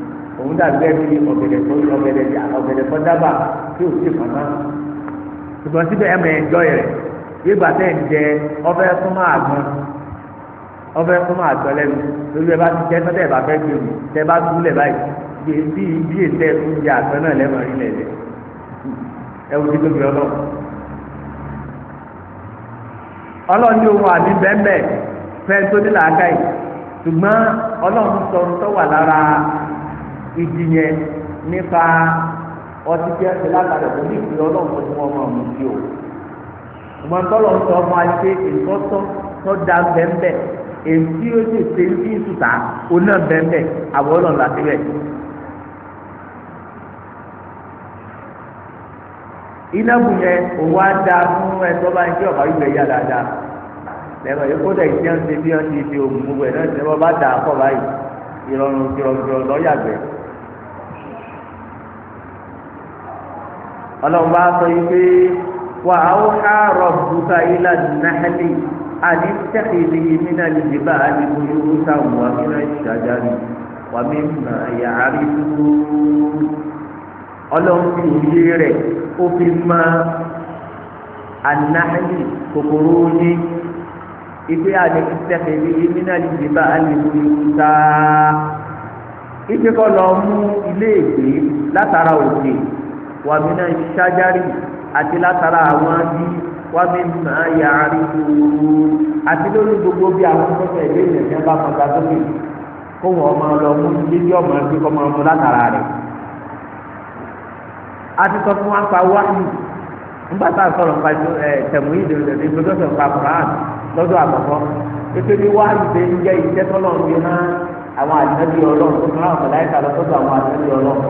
òun dàbí ẹbí ọ̀gẹ̀dẹ̀ tó ọ̀gẹ̀dẹ̀ yà ọ̀gẹ̀dẹ̀ kọ́ dábà tí ò sí kàná ṣùgbọ́n síbẹ̀ ẹ̀ mọ̀ ẹ̀jọ́ rẹ̀ gbígbà tẹ̀ ń jẹ ọbẹ̀ súnmọ́ àgbọn ọbẹ̀ súnmọ́ àgbọn lẹ́nu lórí ẹ bá ti jẹ́ tọ́tẹ̀ bá fẹ́ gbèrú tẹ bá túlẹ̀ báyìí bí bí ètè oúnjẹ àgbọn náà lẹ́mọ̀ rí lẹ̀ lẹ̀ ẹ wò títí obìnrin ọlọ́ ọlọ́ọ̀ni ohun àbí bẹ́ẹ̀ bẹ́ẹ̀ fẹ́ẹ́ tó ní làákàyè ṣùgbọ́n ọlọ́run sọ tó lára ìdí yẹn nípa ọtí tí ẹ ti lágbàdo kò ní ìpè ọlọ́run tí wọ́n máa mú sí o ìmọ̀ tọ́lọ̀ ń sọ ọmọ àti ìtọ́tọ́ tó da bẹ́ẹ̀ èyí tí ó sì ṣe ní ìtùtà oná bẹ́ẹ̀ àwọn ọlọ́run láti rẹ̀. iná bù yẹn òun á da fún ẹtọ́ bá ń jẹ́ ọ̀bá ìgbẹ́ yá dáadáa lẹ́nu èyí kó dẹ̀ ń ṣe bí wọ́n ti fi òògùn náà ṣe wọ́n bá dà á pọ̀ báyìí ìrọ̀rùn kìrọ̀kìrọ̀ lọ́yàgbẹ́. ọlọ́run bá sọ yìí pé wà á wò ká rọ̀bùkà ilà nàhálì àní tẹ̀kìlì mínà lìdìbà àdìbò yòówù sáwọn wà mí náà ṣàjà mi wà mí nà ẹ̀yà àrídùú ọlọ́run fi òye rẹ̀ ó fi mọ ànáhálì kòkòrò oyin ìgbé àdé tẹ̀kìlì mínà lìdìbà àdìbò yòówù sáà ìgbé kọ́ lọ mú ilé ìgbé látara òkè wàmínà ìṣájárì àti látara àwọn adi wàmí máa yà àríwú àti lórí gbogbo bí àwọn sọ́sẹ̀ ìlú ìyẹ̀kẹ́ bá máa ga sókè kó wọn máa lọ mú jíjí ọmọ ẹbí kọ́ máa mú látara rẹ̀. a ti sọ fún wa wáyé nígbà tá a sọ̀rọ̀ nípa tẹ̀mú yìí lè lè gbogbo sọ̀rọ̀ pa Quran lọ́dọ̀ àkọ́kọ́ ètò ìdí wáyé ṣe ń jẹ́ iṣẹ́ tọ́lọ́ ń gbé náà àwọn àdínábí ọlọ́run tó ń rán ọ̀sẹ̀ láìka lọ́sọ̀tọ̀ àwọn àdínábí ọlọ́run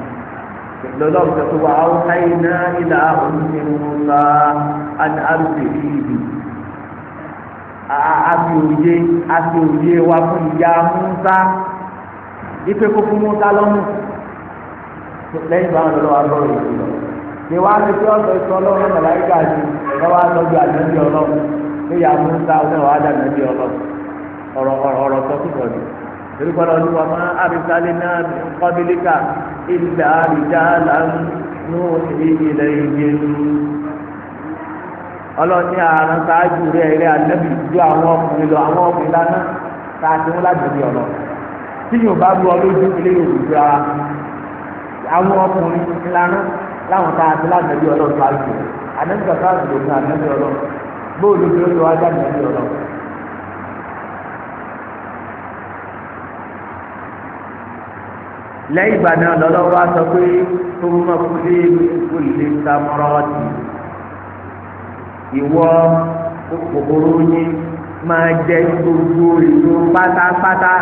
lọ́lọ́ nǹkan tó wà áwọ̀ káyé náà ìlà òǹtí ńlá àdàbìrì ìbí. àfi òye àfi òye wa fún ìyá Musa ife kó fún Musa lọ́mú lẹ́yìn báwọn lọ́wọ́ agbọ́rọ̀ yìí lọ. ṣé wàá fi fi ọ̀sọ̀ ìsọ ọlọ́run mọ̀láyíkà sí lọ́wọ́ àtọ́jú àjọyọ̀ ọlọ́run ní ìyá Musa ọlọ́run àdàbìrì ọlọ́run ọ̀rọ̀ ọ̀rọ̀ ọ̀rọ̀ sọ́kùnkọ̀ọ́ torí kọ́ra olúwa máa àrísálẹ̀ náà kọ́bílíkà ìlà àríjà lánàá ìlẹ̀ ìgbẹ́ ọlọ́ọ̀ni àrùn ṣáájú rẹ̀ rẹ̀ àlẹ́bí ju àwọn ọkùnrin lọ àwọn ọkùnrin lánà tá a ti wọ́n lágbègbè ọ̀rọ̀ tí yóò bá lu ọlójú ilé yóò dùn ara àwọn ọkùnrin lánà láwọn tá a lágbègbè ọ̀rọ̀ ṣáájú àdéhùn kàkà àdéhùn àdéhùn ọ̀rọ̀ bóòlù tó lọ́wọ́ lẹ́yìn ìgbà náà lọ́lọ́wọ́ á sọ pé tó mọ kúlé kúlé samurọ́ọ̀tì ìwọ kòkòrò yín máa jẹ gbogbo èso pátápátá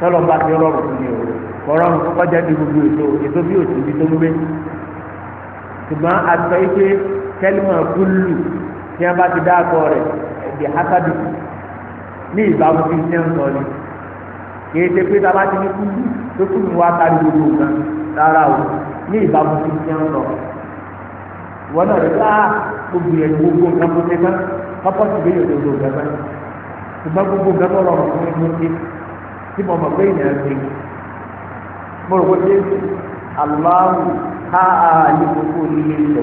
tọ́lọ̀ bá ti rọrùn fún mi o kọ́rọ́rùn kọ́kọ́ jẹ́ bí gbogbo èso èso bí òtún bí tó ń gbé ṣùgbọ́n a sọ pé kẹ́límọ̀ kúlù tí wọ́n bá ti dá akọ rẹ̀ ẹ̀dẹ̀ hákàdùkù ní ìbámu fi ṣe sọ ni. kì í ṣe pé tá a bá ti ní kúlù tó kúlù wá tari gbogbo nǹkan rárá o ní ìbámu ti ti ń lọ wọn náà rẹ bá gbogbo yẹn gbogbo nǹkan tó ṣe fẹ́ pápá ṣùgbọ́n gbogbo nǹkan tó rọrùn fún ṣe tí mo mọ̀ pé ìyẹn mo rò ká gbogbo nílé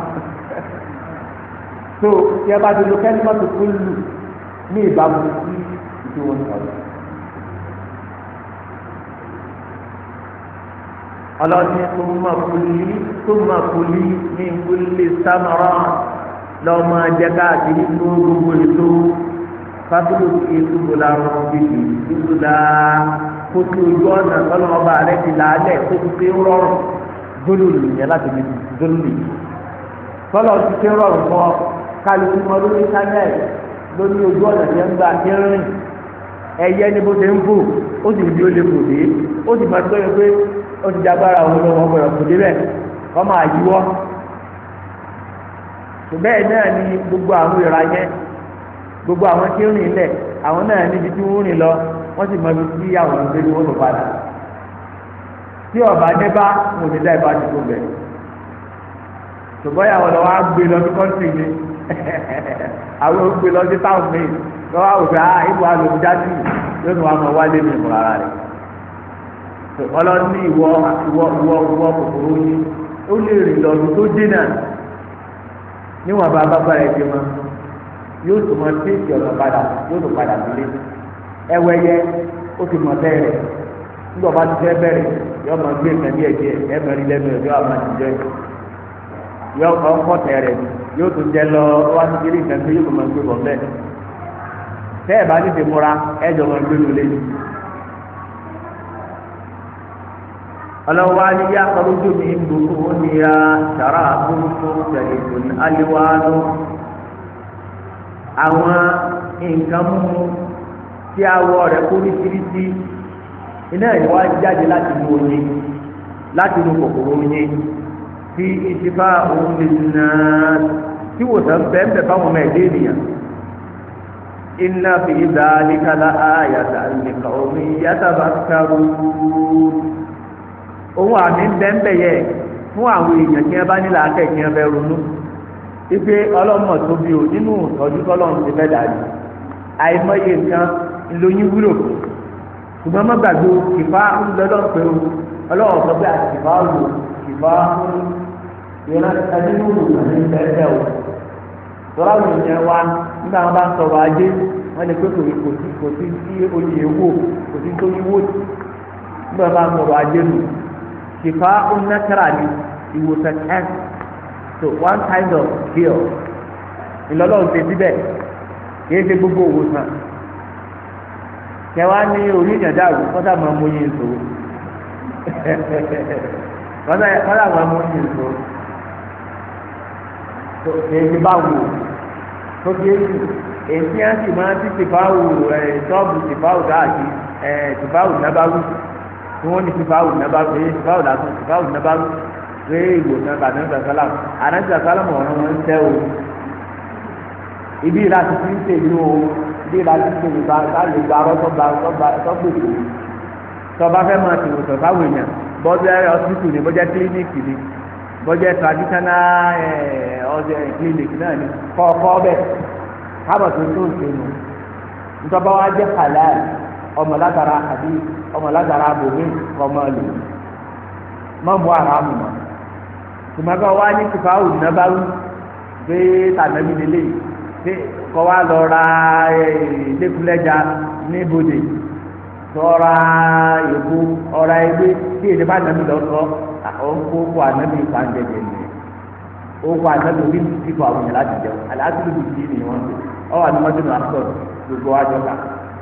So, tí ẹ bá ti lo kẹ́límà tó kó lù ní ìbámu sí ìdí wọn sọ̀rọ̀. ọlọ́ni tó máa kulí tó máa kulí ní kulí sámárà lọ́ọ́ máa jẹ́ káàkiri tó gbogbo ètò fábílù kí gbogbo la rọ bìbì gbogbo la kótó ojú ọ̀nà tọ́lọ́ ọba rẹ ti là á lẹ̀ tó ti rọrùn gbólóòlù yẹn láti fi gbólóòlù yìí tọ́lọ́ ti ti rọrùn fún ọ. kálukú mọ lórí íńtánẹ́ẹ̀tì lórí ojú ọ̀nà tí ń gbà tí rìn ẹyẹ ní bó ṣe ń bò ó sì fi ó lè bò dé ó sì máa tọ́jú pé ó ti dágbára òun lọ́wọ́ gbọ́dọ̀ kò débẹ̀ máa yíwọ́ ni gbogbo àwọn ìra yẹn gbogbo àwọn tí ń rìn lẹ̀ àwọn náà lọ wọ́n sì máa fi lò padà tí ọba dé bá dá ìbá ti tó bẹ̀ ṣùgbọ́n [LAUGHS] àwọn ògbé lọ sí táwọn mi lọ́wọ́ àwòrán á ibò alòmùdájú lónìí wàá mọ wálé mi mọ ara rẹ̀ ọlọ́ni ìwọ ìwọ ìwọ ìwọ kòkòrò yìí ó lè rìn lọ́dún tó níwọ̀n bá bàbá yóò mọ ọ̀nà padà yóò padà yẹ ó ti mọ nígbà bá ti fẹ́ yọ ọmọ gbé yọ ọkọ ọkọ tẹrẹ yóò tún jẹ lọ wá sí kiri nǹkan tó yóò máa gbé bọ̀ bẹ́ẹ̀ tẹ́ ẹ̀ bá ní ti múra jọ máa gbé lulẹ̀ ọlọ́wọ́ mi ń ya sàrà tẹ̀lé àwọn nǹkan mú tí awọ kó ní iná jáde láti mú oyin fi ìtìfá òun lè nàá tí wòsàn bẹ́ẹ̀ bẹ́ẹ̀ báwọn ọmọ ẹ̀dẹ́ ènìyàn inna fi dhalika la ayatan li qaumin yatafakkarun ohun àmì bẹ́ẹ̀nbẹ́ yẹ fún àwọn èèyàn kí wọ́n bá nílò akẹ́ kí wọ́n bẹ́ẹ̀ ronú ipe ọlọ́mọ tó bí o nínú ìtọ́jú tọ́lọ́run ti fẹ́ dàrí àìmọye nǹkan ńlọyìn wúlò ṣùgbọ́n má gbàgbé o kìfá ńlọlọ́pẹ́ o ọlọ́wọ́ sọ pé àkìfá lò kìfá ń ìran ẹni ní olùkọ́ ní ìfẹ́fẹ́ o tọ́lá àwọn èèyàn wa nígbà wọn bá ń sọ̀rọ̀ ajé wọn lè pé kò sí kò sí sí oyè wò kò sí tó nígbà wọn bá ń sọ̀rọ̀ ajé nù so one kind of ìlọ́lọ́run síbẹ̀ kìí ṣe gbogbo òwòsàn kẹwàá ní orí ìyànjá rò kọ́tà máa mú yín [LAUGHS] máa mú yín tó èyí bá wò tó ti èyí èyí á sì máa ti tìfáwò ẹ̀ sọ́ọ̀bù tìfáwò dáàbí ẹ̀ tìfáwò nábàwù tí wọ́n ní tìfáwò nábàwù èyí tìfáwò dàtú tìfáwò nábàwù pé ìwò náà bàtà nígbà sálàmù ànágbà sálàmù ọ̀rọ̀ wọn ń tẹ́ o ibi láti fi ń tèmi o ibi láti fi ń tèmi bá lè gba arọ́ tọ́ba tọ́ba tọ́gbèsè tọ́ba fẹ́ máa tèwòtọ̀ o èèyàn bọ́dọ̀ ọsibítù ni bọ́jà kílíníìkì ni. bọ́jẹ́ traditional eh, ọ̀sẹ̀ clinic náà ni kọ́ọ̀kọ́ bẹ́ẹ̀ kábọ̀ tó tó sínú ntọ́ba wa jẹ́ halal ọmọ látara àbí ọmọ látara bòmí ọmọ lò má mú aramu mọ́ tùmọ̀gá wa ní tìfáwù pé tànàbí pé kọ́ wa lọ ra eh, ní bòde. tọ́ra ìbú ìbí tí èdè bá nàbí lọ sọ ọkọ kó ànábì ìpàǹdẹ̀dẹ̀ nìyẹn ọkọ ànábì orí ti kọ àwọn ìyàrá jẹjẹrẹ aláàtúndì bí ti nìyẹn wọn ti ọwọ́ àdúmọ́tò náà sọ gbogbo àjọ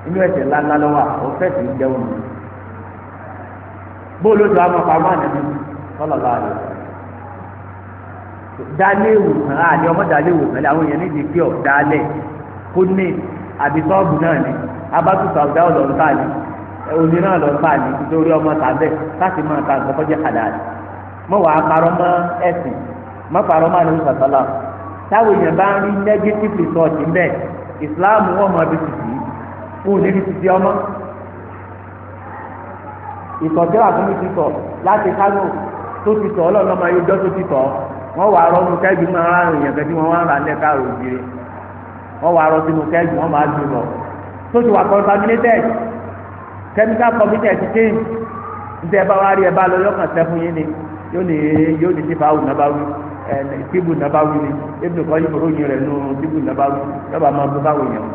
inú ẹ̀sẹ̀ ńláńlá lọ́wọ́ ọ̀fẹ́ sì ń jẹun nù. bóòlù tó àwọn ọkọ̀ àwọn ànábì sọ̀lọ̀ dálé ọmọ dálé lé àwọn èèyàn ọ̀ dálẹ̀ kó ní àbí sọ́ọ̀bù náà ni òní náà lọ fà ní nítorí ọmọ tàbẹ láti máa ta nǹkan kọjá àdáàdì mọ wàá parọ́ mọ́ ẹ̀sìn mọ parọ́ mọ́ àdéhùn sàtọlá táwọn èèyàn bá ń rí negative result ńbẹ islam mọ fún òní ọmọ àbúrò ti sọ láti kánò tó ti sọ ọlọ́run ọmọ ayéjọ́ tó ti sọ wọ́n wàá rọ́ọ̀mù kẹ́gì máa ń èèyàn wá ń ra wọ́n chemical committee ti ké ntẹ ẹ bá wá rí ẹ bá lọ yọkàn sẹfún yín ni yóò ní yóò ní sífà áwù nàbà wí ẹ tíbù nàbà wí ni ebi kọ́ yín ròyìn rẹ̀ nù tíbù nàbà wí yọba máa gbé báwo yẹn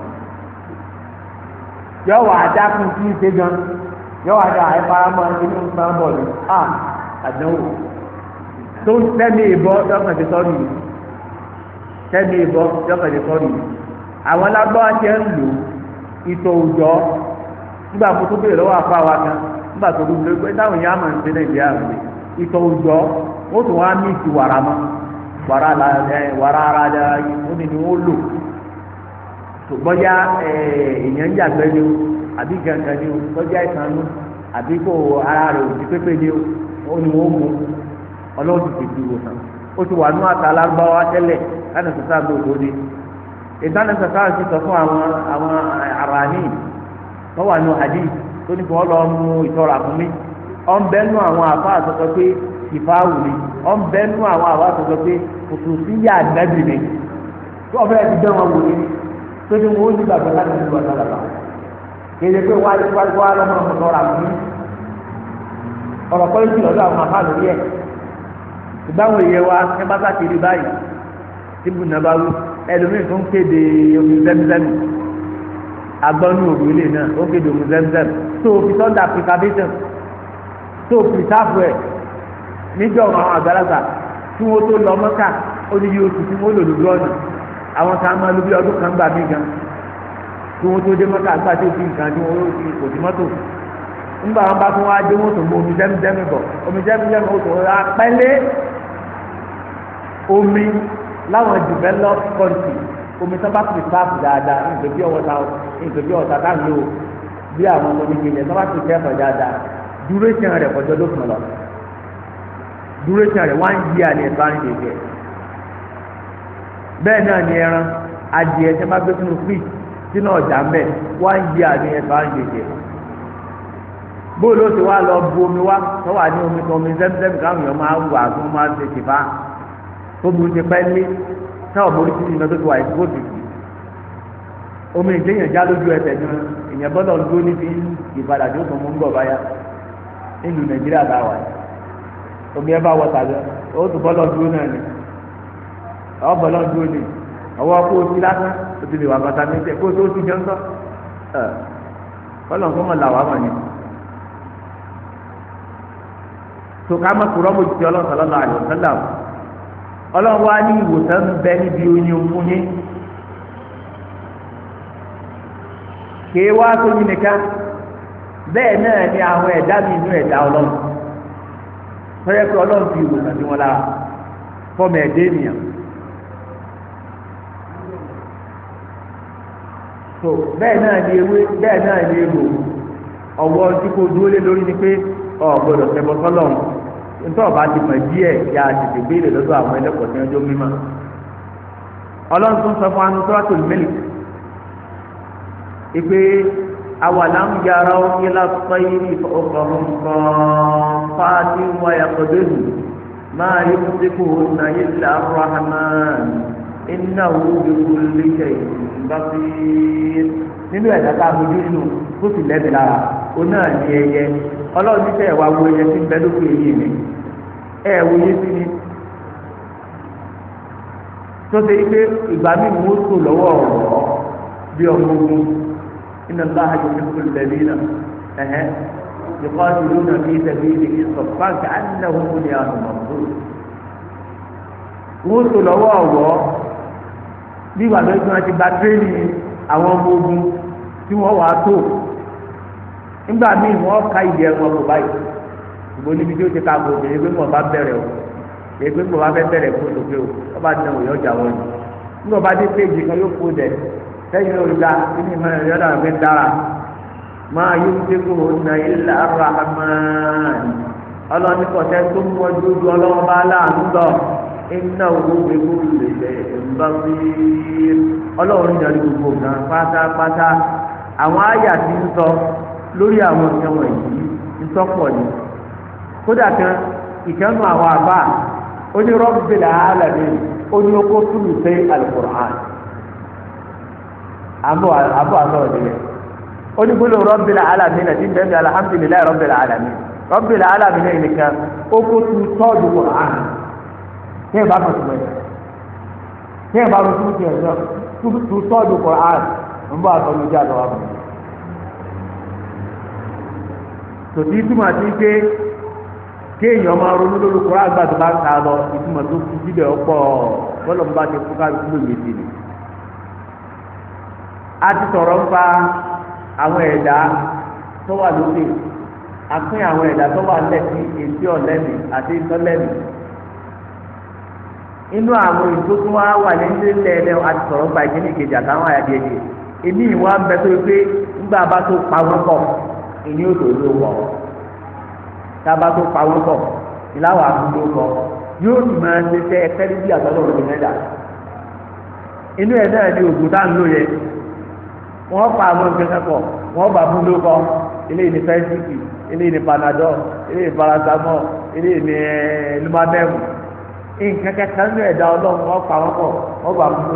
yọ wà á dákun tí ń ṣe gan yọ wà á dá ẹ fara mọ́ ẹ ní ìgbà bọ́ọ̀lù a àdánwò tó ń tẹ́mi ìbọn yọkàn ti sọ́ọ̀nù yìí tẹ́mi ìbọn yọkàn ti sọ́ọ̀nù yìí àwọn alágbọ́n ti ń lò ìtò òjò nígbà tó tó béèrè lọ́wọ́ apá wa kan nígbà tó dúró pé ya èèyàn àmọ̀ ṣe nàìjíríà rẹ̀ ìtọ̀ òjò ó tún wá ní ìtì wàrà mọ́ wàrà ara rẹ̀ ó ní ni wọ́n lò èèyàn ń jàgbẹ́ ni o àbí gangan ni o àbí kò ara rẹ̀ ò pépé ni o ó ní wọ́n mú ọlọ́run ti fi ó ti wà ní àtà tẹ́lẹ̀ láti ni ti sọ fún àwọn àwọn àràní wọ́n wà nù àdí tó ní kó lọ mú ìtọ́ra fún mi ọ̀n bẹ́nu àwọn àfa àtọ́tọ́ pé ìfáwù ni ọ̀n bẹ́nu àwọn àfa àtọ́tọ́ pé kòtò sí yà nẹ́bì mi tó ọ̀fẹ́ ti dán wọn wò ni tó ní wọ́n ó ní gbàgbọ́ láti ní ìwà sára bá kéde pé wọ́n á lè wá lọ́mọ ìtọ́ra fún ọ̀rọ̀ kọ́ lójú lọ́dọ̀ àwọn àfa lórí ẹ̀ ìbáwọn èèyàn wa ẹ bá sá ti báyìí tí bá wú ẹlòmíì tó ń kéde omi agbọ́nú òwú ilé náà ó kéde òmù zẹ́mzẹ́m tó o fi sọ́ndà application tó o fi sáfù ẹ̀ níjọ́ àwọn àgbàlagbà tí wọ́n tó lọ mọ́ta ó ní yóò tuntun wọ́n lò lójú ọ̀nà àwọn kan máa lu bí ọdún kan gbà mí gan tí wọ́n tó dé mọ́ta àgbà tó fi nǹkan tí wọ́n fi kò sí mọ́tò ńgbà wọn bá tún wá dé wọn tó omi zẹ́mzẹ́m bọ̀ omi zẹ́mzẹ́m ó tó rà pẹ́lẹ́ omi láwọn developed countries omi tó bá ti paapu dáadáa nǹkan bí ọ̀wọ́ta nǹkan bí ọ̀wọ́ta tá à lò bí àwọn oníke yẹn tó bá ti kẹ́kọ̀ọ́ dáadáa duration rẹ̀ kọjọ́ ló lọ rẹ̀ ni ẹ̀fọ́ àrùn ìdèjẹ́ bẹ́ẹ̀ náà ni ẹran adìẹ tẹ́ bá gbé sínú fridge sínú ni ẹ̀fọ́ àrùn bóòlù lọ bu omi wá ní omi tó omi káwọn èèyàn máa ń wà tó máa ń táwọn borí títí nǹkan tó ti wà yìí kó tìtì omi ìdéyàn já lójú ẹsẹ̀ gan èèyàn gbọ́dọ̀ dúró níbi ìpadà tó sọ mọ́ ń bọ̀ báyà nílùú nàìjíríà bá wà omi ẹ bá wọ tàbí ó tún bọ́lọ̀ dúró náà ni ọ bọ́lọ̀ dúró ni ọwọ́ kó o ti lásán o ti lè wà bàtà méjì kó o tó ti jẹun tán mọ̀ ọlọ́run wá ní ìwòsàn ń bẹ níbi oyún fún yín kèé wá sójú nìkan bẹ́ẹ̀ náà ni àwọn ẹ̀dá mi inú ẹ̀dá ọlọ́run tọ́yẹ pé ọlọ́run fi ìwòsàn sí wọn lára fọmọ ẹ̀dẹ́ ènìyàn. tó bẹ́ẹ̀ náà ni ewé bẹ́ẹ̀ náà ni egbò ọ̀wọ́ tí kò dúró lé lórí ni pé ọ̀ tẹ̀bọ̀ sọ́lọ́run nítorí ọba ti mọ̀ díẹ̀ yà á tètè béèrè lọ́dọ̀ àwọn ẹlẹ́kọ̀ọ́ tí wọ́n jó mímọ́ ọlọ́run tó ń sọ fún anusọ́tò mílíkì ìpè awalam yàrá ìlà sọ́yìnì ọkọ̀ọ̀hún kan fáàtì wáyà kọ́dẹ́nu máa yí kúndínkù náà yí là rahman iná wo gbogbo lè ṣe ìbáfi nínú ẹ̀dá tá a fojú inú kó sì lẹ́bi lára. oná ní ẹyẹ ọlọ́run nífẹ̀ẹ́ wa wo ẹyẹ tí ń yìí mi ẹ wo yé sí ni tó ṣe pé ìgbà mi lọ́wọ́ ọ̀rọ̀ bí ọmọ ogun iná bá a yọ̀ọ́ fún lẹ́bí náà ẹ̀hẹ́ ìkọ́ ti ló náà bíi sọ á ní lọ́wọ́ ọ̀rọ̀ bí wàá lọ́jọ́ àwọn ọmọ ogun nígbà míì wọ́n ka ìdí ẹ̀wọ̀n kò báyìí ṣùgbọ́n níbi tí ó ti ka kò bèrè pé mo bá bẹ̀rẹ̀ o bèrè pé mo bá fẹ́ bẹ̀rẹ̀ kó ló pé o wọ́n bá dẹ̀ òye ọjà wọ̀nyí nígbà bá dé péjì kan yóò kó dẹ̀ sẹ́yìn ló da nínú ìmọ̀ ẹ̀rọ yọ̀dà rẹ̀ dára máa yí wípé kó o nà ilà rahman ọlọ́ni kọ̀tẹ́ tó ń wọ́n dúdú ọlọ́wọ́ bá láàánú lọ iná owó gbogbo lè lè nbà fi ọlọ́run lórí àwọn ẹ̀wọ̀n yìí ìtọ́pọ̀ ni kódà kan ìkànnù àwọn àbá onírọ́bìlà alàmì oníokó túlù sí alukur'an àbọ̀ àbọ̀ ọ̀dẹ́yẹ onígbóló rọ́bìlà alàmì náà ti bẹ́ẹ̀ bí alihamudulilayi rọ́bìlà alàmì rọ́bìlà alàmì náà nìkan okó tu tọ́ọ̀dù kur'an kí ẹ bá tó tuma yẹ kí ẹ bá tó tuma tọ́ọ̀dù kur'an ń àtọ́jú tòtí túmọ̀ sí pé kéèyàn máa ronú lórúkọ àgbà tó bá ń ta lọ ìtumọ̀ tó kú síbẹ̀ ọ̀pọ̀ bọ́lọ̀ ń bá ti fún káàdùn kúlò méjì ni. a ti sọ̀rọ̀ ń àwọn ẹ̀dá tó wà lókè a àwọn ẹ̀dá tó wà ọ̀lẹ́mì àti ìtọ́lẹ́mì. inú àwọn tó wá wà ní ilé lẹ́ẹ̀lẹ́ a ti sọ̀rọ̀ ń ìkejì àtàwọn ìní òtò ló wọ̀ tába tó pawó pọ̀ ìláwà àbúrò ló yóò sì máa ṣe tẹ ẹkẹ́rì bí àtọ́lọ́ òde mẹ́ta inú ẹ̀ náà ni ògùn tá à ń lò yẹ wọ́n pa àwọn pọ̀ wọ́n bá fún ló kọ́ eléyìí ni fẹ́ńsìkì eléyìí ni panadol eléyìí paracetamol eléyìí ni eh, nǹkan kẹta nínú ẹ̀dá ọlọ́run pa pọ̀ bá fún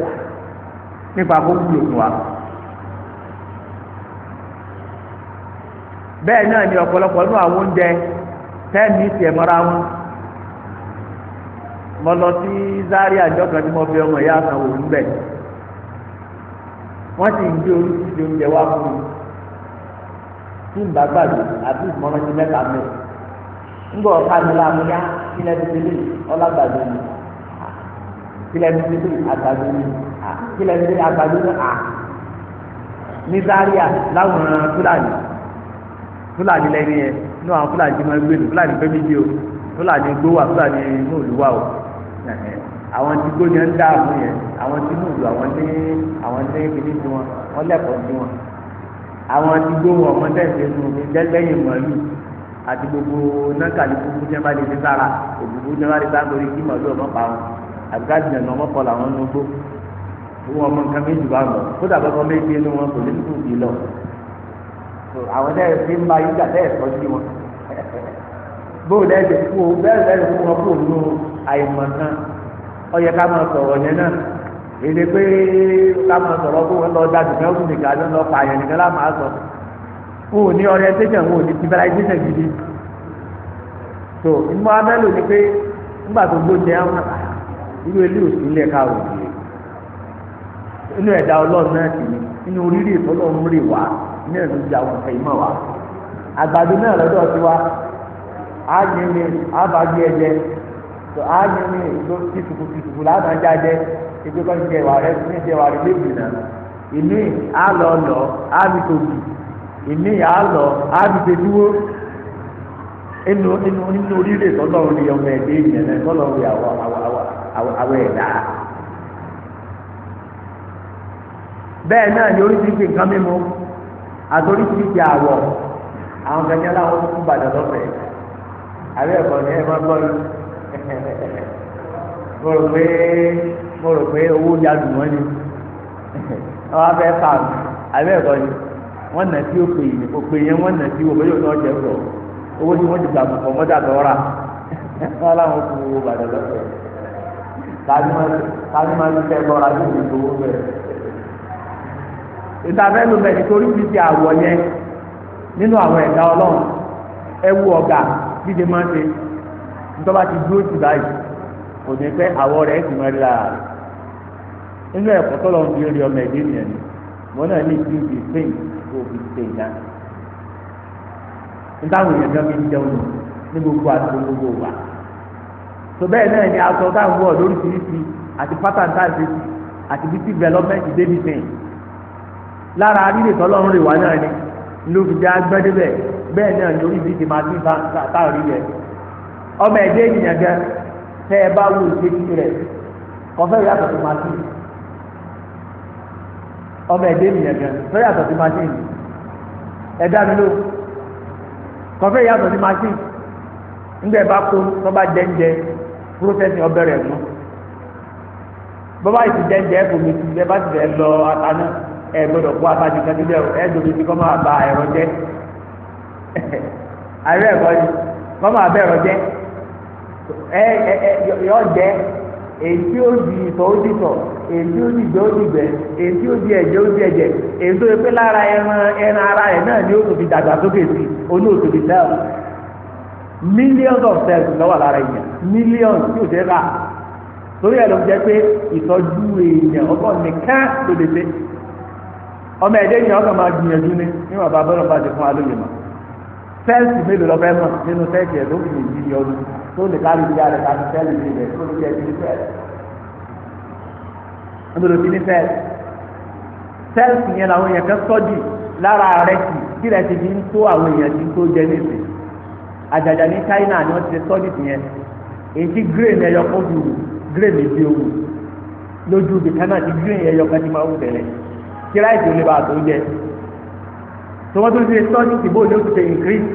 ló nípa kó wúlò wa. bẹ́ẹ̀ náà ni ọ̀pọ̀lọpọ̀ nínú àwọn oúnjẹ tẹ́ẹ̀mì tiẹ̀ mọ́ra wọn mo lọ sí Zaria àjọ kan tí mo fi ọmọ ìyá kan wò bẹ̀ wọ́n sì ń gbé oríṣiríṣi oúnjẹ wá fún mi tí n bá gbàgbé àbí ìmọ̀ràn ti kílẹ̀ ní títí àgbàdo ní à kílẹ̀ ní títí àgbàdo ní à ní Zaria láwọn Fúlàní Fúlàní lẹ́ni yẹn ní àwọn Fúlàní máa gbé ní Fúlàní fẹ́ méjì o Fúlàní gbó wà Fúlàní ní òlúwa o àwọn tí gbó yẹn ń dá àmú yẹn àwọn tí ní òlù àwọn ní àwọn ní kíní tí wọn wọn lẹ́kọ̀ọ́ tí wọn àwọn tí gbó wọn ọmọ tẹ̀sẹ̀ nù mí lẹ́gbẹ̀yìn mọ́lù àti gbogbo nákàlí gbogbo jẹ́ bá lè ní sára òbúgbó jẹ́ bá lè sá àgbàjìnà ní ọmọ kọlà wọn lógbó owó ọmọ nǹkan méjì bá lọ kódà bọ́ wọn méjì ní wọn kò ní kú bí lọ àwọn ẹ̀rẹ́ fi ń ba yíjà bẹ́ẹ̀ tọ́jú wọn [LAUGHS] bóòlù ẹ̀jẹ̀ kú o bẹ́ẹ̀ bẹ́ẹ̀ kú wọn kú òun àìmọ̀ kan ó yẹ ká máa sọ̀rọ̀ yẹn náà èdè pé ká máa sọ̀rọ̀ kó wọn lọ da dùnkẹ́ òkú nìkan ló lọ pa àyàn nìkan lá máa sọ wọn ò ní orientation wọn ò ní civilization gidi so inú abẹ́lò ni pé nígbà tó gbóúnjẹ àwọn irú ilé òsì ilé káàró òkèlè inú ẹ̀dá ọlọ́run náà ti inú oríire ìtọ́lọ́run rè wá ní ẹ̀rọ ìjà àwọn ọ̀fẹ́ ìmọ̀ wá àgbàdo náà lọ́dọ̀ ti wá tó jẹ jẹ wà rẹ jẹ wà rẹ lébi nà inú inú inú ìtọ́lọ́run rè ọmọ náà àwọn ẹ̀dá. bẹ́ẹ̀ náà ni oríṣiríṣi nǹkan mímu àti oríṣiríṣi àwọ̀ àwọn kan ní aláwọ̀ tó kún lọ́fẹ̀ẹ́ àbẹ́ ẹ̀kọ́ ni ẹ máa gbọ́ yìí [LAUGHS] ya dùn wọ́n ni [LAUGHS] wọ́n á fẹ́ fà mí àbẹ́ ẹ̀kọ́ ni wọ́n nà sí òpè yìí òpè yẹn wọ́n nà sí òpè yóò tó ẹ̀kọ́ owó tí wọ́n ti gbà mọ̀ fọ́ mọ́tà tọ́ra wọ́n [LAUGHS] kájú máa ń tẹ bọ́ra tó fi tó bẹ̀. ìtàfẹ́nu bẹ̀ nítorí fi ti àwọ̀ yẹn nínú àwọn ẹ̀dá ọlọ́run ẹ wú ọ̀gà dídé máa ń ṣe nítorí wọn ti dúró sí báyìí kò ní pẹ́ àwọ̀ rẹ̀ ti máa rí lára rẹ̀ inú ẹ̀kọ́ tó lọ́n fi rí ọmọ ẹ̀dẹ́ nìyẹn ni wọn náà ní ìdí ìdí pé kò fi ṣe ìdá nítawọn èèyàn náà fi ń jẹun ní gbogbo àti gbogbo wa. so bẹ́ẹ̀ náà ni aṣọ tá ń wọ̀ lóríṣiríṣi àti pattern tá ń ṣe sí àti bí development débi sìn lára rírè tọ́lọ́run rè wá náà ni ló fi jẹ́ agbẹ́dẹ́bẹ̀ bẹ́ẹ̀ náà ni orí bíi ti máa ti ọmọ ẹ̀dẹ́ ènìyàn gan tẹ́ ẹ bá wù ṣe kí rẹ̀ yàtọ̀ tó máa ti ọmọ ẹ̀dẹ́ ènìyàn gan yàtọ̀ tó máa ti process yẹn ọbẹ̀ rẹ̀ mú bọ́bá yìí jẹ́jẹ́ ẹ̀kọ́ ti bẹ́ẹ̀ bá ti bẹ́ẹ̀ lọ ata náà gbọ́dọ̀ kó ata kẹ́kẹ́ bẹ́ẹ̀ ẹ dòbi ti kọ́ máa ba ẹ̀rọ jẹ́ [LAUGHS] ẹ̀kọ́ yọ jẹ́ èyí ó di ó di tọ̀ èyí ó di ìgbẹ́ ó di ìgbẹ́ èyí ó di ẹ̀jẹ̀ ó di ẹ̀jẹ̀ èyí tó yẹ pé lára ẹran ẹran ara rẹ̀ náà ni millions of cells lọ́wọ́ lára èèyàn millions tí ò ṣe rà torí ẹ̀ ló jẹ́ pé ìtọ́jú èèyàn ọgbọ́n nìkan ló lè ṣe ọmọ ẹ̀dẹ́ yìí ọkàn máa gbìyànjú ni ní bàbá bọ́lá bá ti fún alóye mọ́ sẹ́ẹ̀sì mélòó lọ́fẹ́ mọ̀ nínú sẹ́ẹ̀sì ẹ̀ ló fi yìí yọ ọdún tó lè kárí ìyá rẹ̀ kárí sẹ́ẹ̀lì ní ilẹ̀ tó lè jẹ́ ìdílé sẹ́ẹ̀lì. ọdún ti ní sẹ́ẹ̀lì sẹ́ẹ̀sì yẹn làwọn èèyàn kan sọ́jì lára rẹ̀ kì kí rẹ̀ ti fi ń tó àwọn èèyàn ti ń tó jẹ́ nísìnyí àjàjà ní China ni wọ́n ti ṣe sọ́ọ̀dìtì yẹn èyí tí grain ẹyọ kó ju grain èdè owó lójú ibi kan náà ti grain ẹyọ kan ti máa wù tẹ̀lẹ̀ kí ráìtì ò lè bá àtò jẹ tí wọ́n tún ṣe sọ́ọ̀dìtì bó ló ti ṣe increase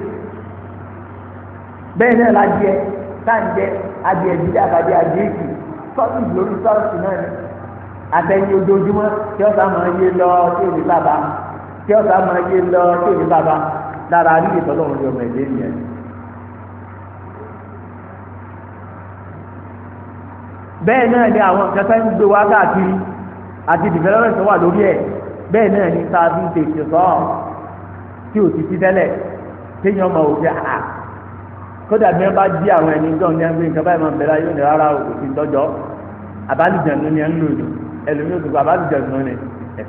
bẹ́ẹ̀ náà la jẹ táǹjẹ adìẹ dídá àbàdì àdéhìkì sọ́ọ̀dìtì lórí sọ́ọ̀dìtì náà ni àtẹ̀yìn ojoojúmọ́ tí ọ̀sán máa yé lọ sí òní bàbá tí ọ̀sán máa yé lọ sí òní bàbá lára rí ìtọ́lọ́run yọmọ ẹ̀dẹ́ nìyẹn. bẹ́ẹ̀ náà ni àwọn kẹta ń gbé wá káàkiri àti development wà lórí ẹ̀ bẹ́ẹ̀ náà ni tá a fi ń tètè sọ ọ́ tí ò ti ti tẹ́lẹ̀ téèyàn ọmọ òkè àhà kódà bí wọ́n bá jí àwọn ẹni jọ̀ ní ẹgbẹ́ nǹkan báyìí máa ń bẹ̀rẹ̀ yóò ní rárá òkè ti dọ́jọ́ àbálùjẹ̀nu ni ẹ̀ ń lò ní ẹlòmíì òkè àbálùjẹ̀nu ni [LAUGHS]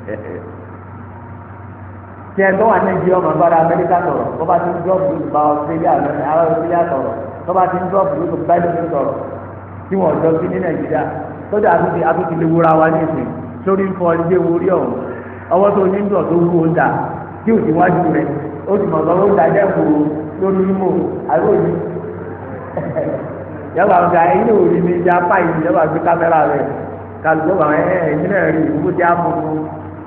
tí ẹ tó wà ní ìdíyọ́ máa bára amẹ́ríkà sọ̀rọ̀ tó bá ti ń dọ́ọ̀bù yóò bá Australia tí wọ́n jọ sí ní nàìjíríà sọ́jà àtúntì àtúntì lè wúra wa ní ìsìn sórí ń ọwọ́ tó ní dùn tó wú oúnjẹ tí ò sí wájú rẹ ó sì mọ̀ lọ́wọ́ oúnjẹ dẹ́kun lórí mímọ́ àlóyè yàrá ọ̀gá ẹ̀yin ò mi gbé kámẹ́rà náà rí tí a mú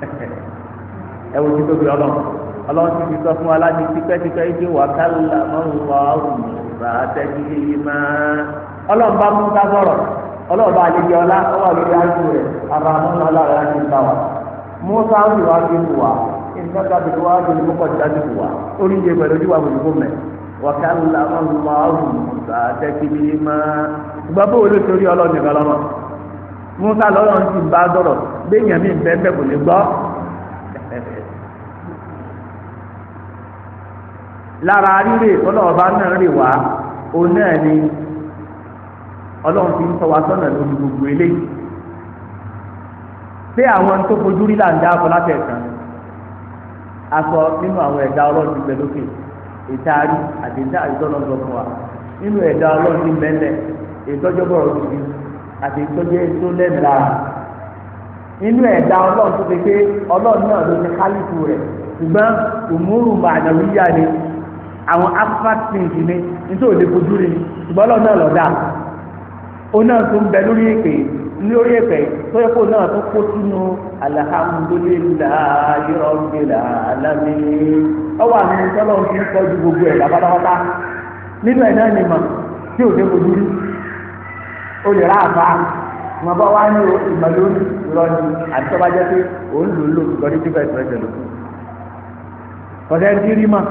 [LAUGHS] ẹ wò títóbi ọlọ́run ọlọ́run ti fi sọ fún wa láti tipẹ́tipẹ́ ìdí ọlọ́run bá mú ká sọ̀rọ̀ ọlọ́run bá àlejò ọlá ọwọ́ àlejò àjò rẹ̀ àbàmọ́ náà lára ti ń bá wa musa ń lò wájú lù wá ìfẹ́ta bìí wájú lù kọ́ dájú lù wá orí yẹ pẹ̀lú ojú wa kò ní kó mẹ́ wàkà ńlá ọlọ́mọ ọ̀hún sàtẹ́ kìbí máa gbàgbọ́ wo ló torí ọlọ́run ìgbà lọ́mọ musa lọ́rọ̀ ni ọlọ́run fi ń tọ́ wa sọ́nà lórí gbogbo eléyìí pé àwọn tó fojú rí là ń dá akọ láti ẹ̀sán aṣọ nínú àwọn ẹ̀dá ọlọ́run ti bẹ lókè ìtaari àti ìta àìsọ́nà ọ̀dọ̀ fún wa nínú ẹ̀dá ọlọ́run ti mẹ́lẹ̀ ìtọ́jọ́bọ̀rọ̀ tuntun àti ìtọ́jẹ́ tó lẹ́nu lára nínú ẹ̀dá ọlọ́run tó fi pé ọlọ́run náà ló ti kálífù rẹ̀ ṣùgbọ́n òmùrù màdàwíyá ni àwọn afrasins ni nítorí òde fojú rí ṣùgbọ́n ọlọ́run náà lọ́dà ona tó ń bẹ lórí èpè lórí èpè tó yẹ kó náà tó kó sínú alihamudulilayi rọgbìlà alámi ọwọ́ àmì tọ́lọ́ ti ń tọ́jú gbogbo ẹ lápátápátá nínú ẹ̀ náà ni mà tí ò dé kojú o lè ra àbá mà bá wá ní ìmọ̀lórí ìrọ̀lì àti pé òun lò tí bẹ́ẹ̀ tẹ̀lé kọ́sẹ́ ń mà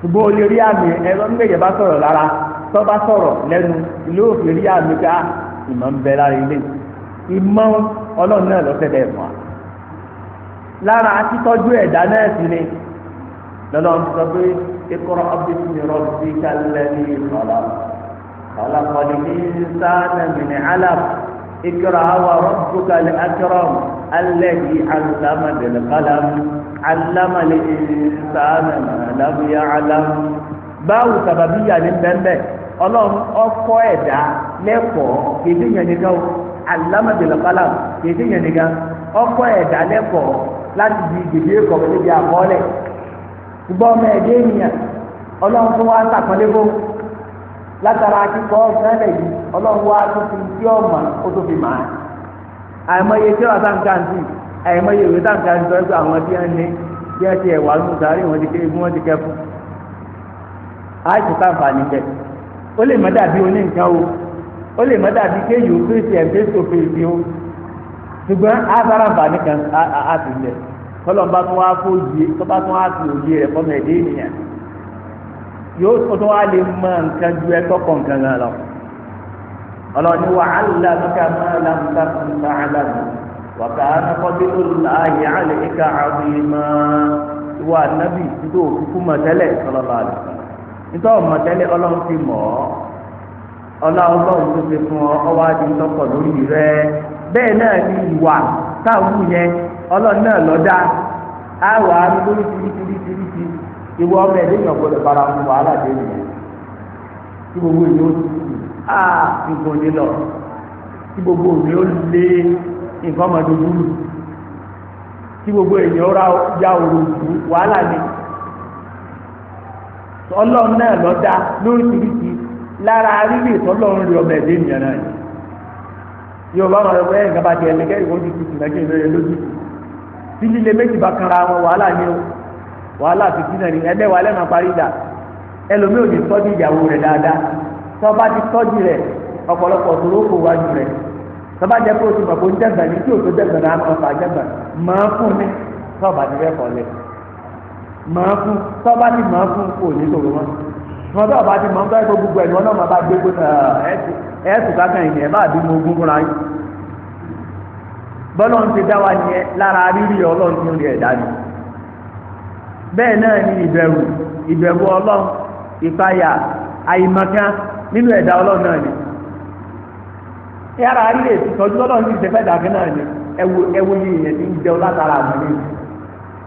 ṣùgbọ́n o lè rí àmì ẹ̀rọ ń gbèjẹ̀ bá sọ̀rọ̀ lára. tọ́ba sọ̀rọ̀ lẹ́nu ló fi rí àmì ká ah, ìmọ̀ ń bẹ lára ilé ìmọ̀ ọlọ́run náà lọ́sẹ̀ bẹ́ẹ̀ mọ́ a lára títọ́jú ẹ̀dá náà sì ni lọ́lọ́run sọ pé ikọ̀rọ̀ ọ́fíìsì mi rọ sí kálẹ̀ ní ìfọ̀lá kọ̀lákọ̀lì ní sáánà mi ní alam ikọ̀rọ̀ àwọn rọ́bù kalẹ̀ alẹ́ yìí alama dèlè kalam alama lè sáánà báwo sábàbí yà ní bẹ́ẹ̀ bẹ́ẹ̀. ọlọ́run ọkọ ẹ̀dá lẹ́kọ̀ọ́ kéde yẹn o alámọ̀délọ́kọ́lá kéde yẹn ọkọ ẹ̀dá lẹ́kọ̀ọ́ láti di gèdè ẹ̀kọ́ pẹ̀lú ibi àkọọ́lẹ̀ ṣùgbọ́n ọmọ ẹ̀dá ènìyàn ọlọ́run tó wá sàkọ́lé fún látara akíkọ́ sẹ́lẹ̀ yìí ọlọ́run wá tó fi tí ọmọ ó tó fi màá àìmọye tí wàá àìmọye ìwé ẹgbẹ́ àwọn tí wọ́n ní bí wọ́n ti ẹ̀wà sáré wọn ti kẹ́ fún níbẹ̀ ó lè má dàbí oní nǹkan o ó lè má dàbí kéyìí o kéèsì ẹ̀ fèsì òfèèfì o ṣùgbọ́n azaraba nìkan á ti lẹ̀ tọ́lọ́mbà tó wá fún òye tó bá tó wá fi òye rẹ̀ fọ́nà ẹ̀dẹ́ ènìyàn yóò tó tó wá lè mọ nǹkan ju ẹ̀tọ́ kọ̀ nǹkan gan lọ ọlọ́ni wà á lè lọ́kà máa lọ nípa nípa àlàbò wà ká nàkọ́bí olùlàyé àlè ìka àwọn ìmọ̀ ìwà nábì tó kúkú mọ̀ tẹ́lẹ̀ tọ́lọ́mbà rẹ̀. nítorí ọmọ tẹ́lẹ̀ ọlọ́run fi mọ̀ ọ́ ọlọ́run tó fún ọ ọwọ́ adi lórí rẹ bẹ́ẹ̀ náà ìwà yẹn ọlọ́run náà lórí ìwọ ọmọ bára wàhálà tí gbogbo ó ti lọ tí gbogbo òní ó lé nǹkan ọmọdé tí gbogbo ra ọlọ́run náà lọ dá lóríṣiríṣi lára rírì ìtọ́lọ́run rí ọmọ ẹ̀dẹ́ ènìyàn náà yìí yóò bá wọn wẹ́ nǹkan bá ti ẹ̀mí kẹ́rì wọ́n ti ti tìǹkà kí ìrẹ́rẹ́ lójú tí líle méjì bá kanra wọn wàhálà ni o wàhálà fìdí náà ni ẹlẹ́wàá lẹ́nu parí ìjà ẹlòmíì ò ní tọ́jú ìyàwó rẹ̀ dáadáa tó bá ti tọ́jú rẹ̀ ọ̀pọ̀lọpọ̀ tòró kò wájú rẹ̀ tó jẹ́ pé o ti mọ̀ kó ń jẹ́gbẹ̀ẹ́ ní tí o tó jẹ́gbẹ̀ẹ́ náà máa fà jẹ́gbẹ̀ẹ́ máa fún mi tó ti fẹ́ kọ́ màá fún tọ́ba ti màá fún kò ní sòrò mọ́ wọn bá bá ti mọ̀ nípa ẹ̀kọ́ gbogbo ẹ̀nu ọlọ́mọ bá gbé ẹ̀ẹ́sù kankan yìí ẹ̀ bá bí mo gún fúnra ti dá wa lára rírì ọlọ́run bẹ́ẹ̀ náà ni ìbẹ̀rù ìbẹ̀rù ọlọ́run ìpayà nínú ẹ̀dá ọlọ́run náà ni yàrá rírì ètò ìtọ́jú ọlọ́run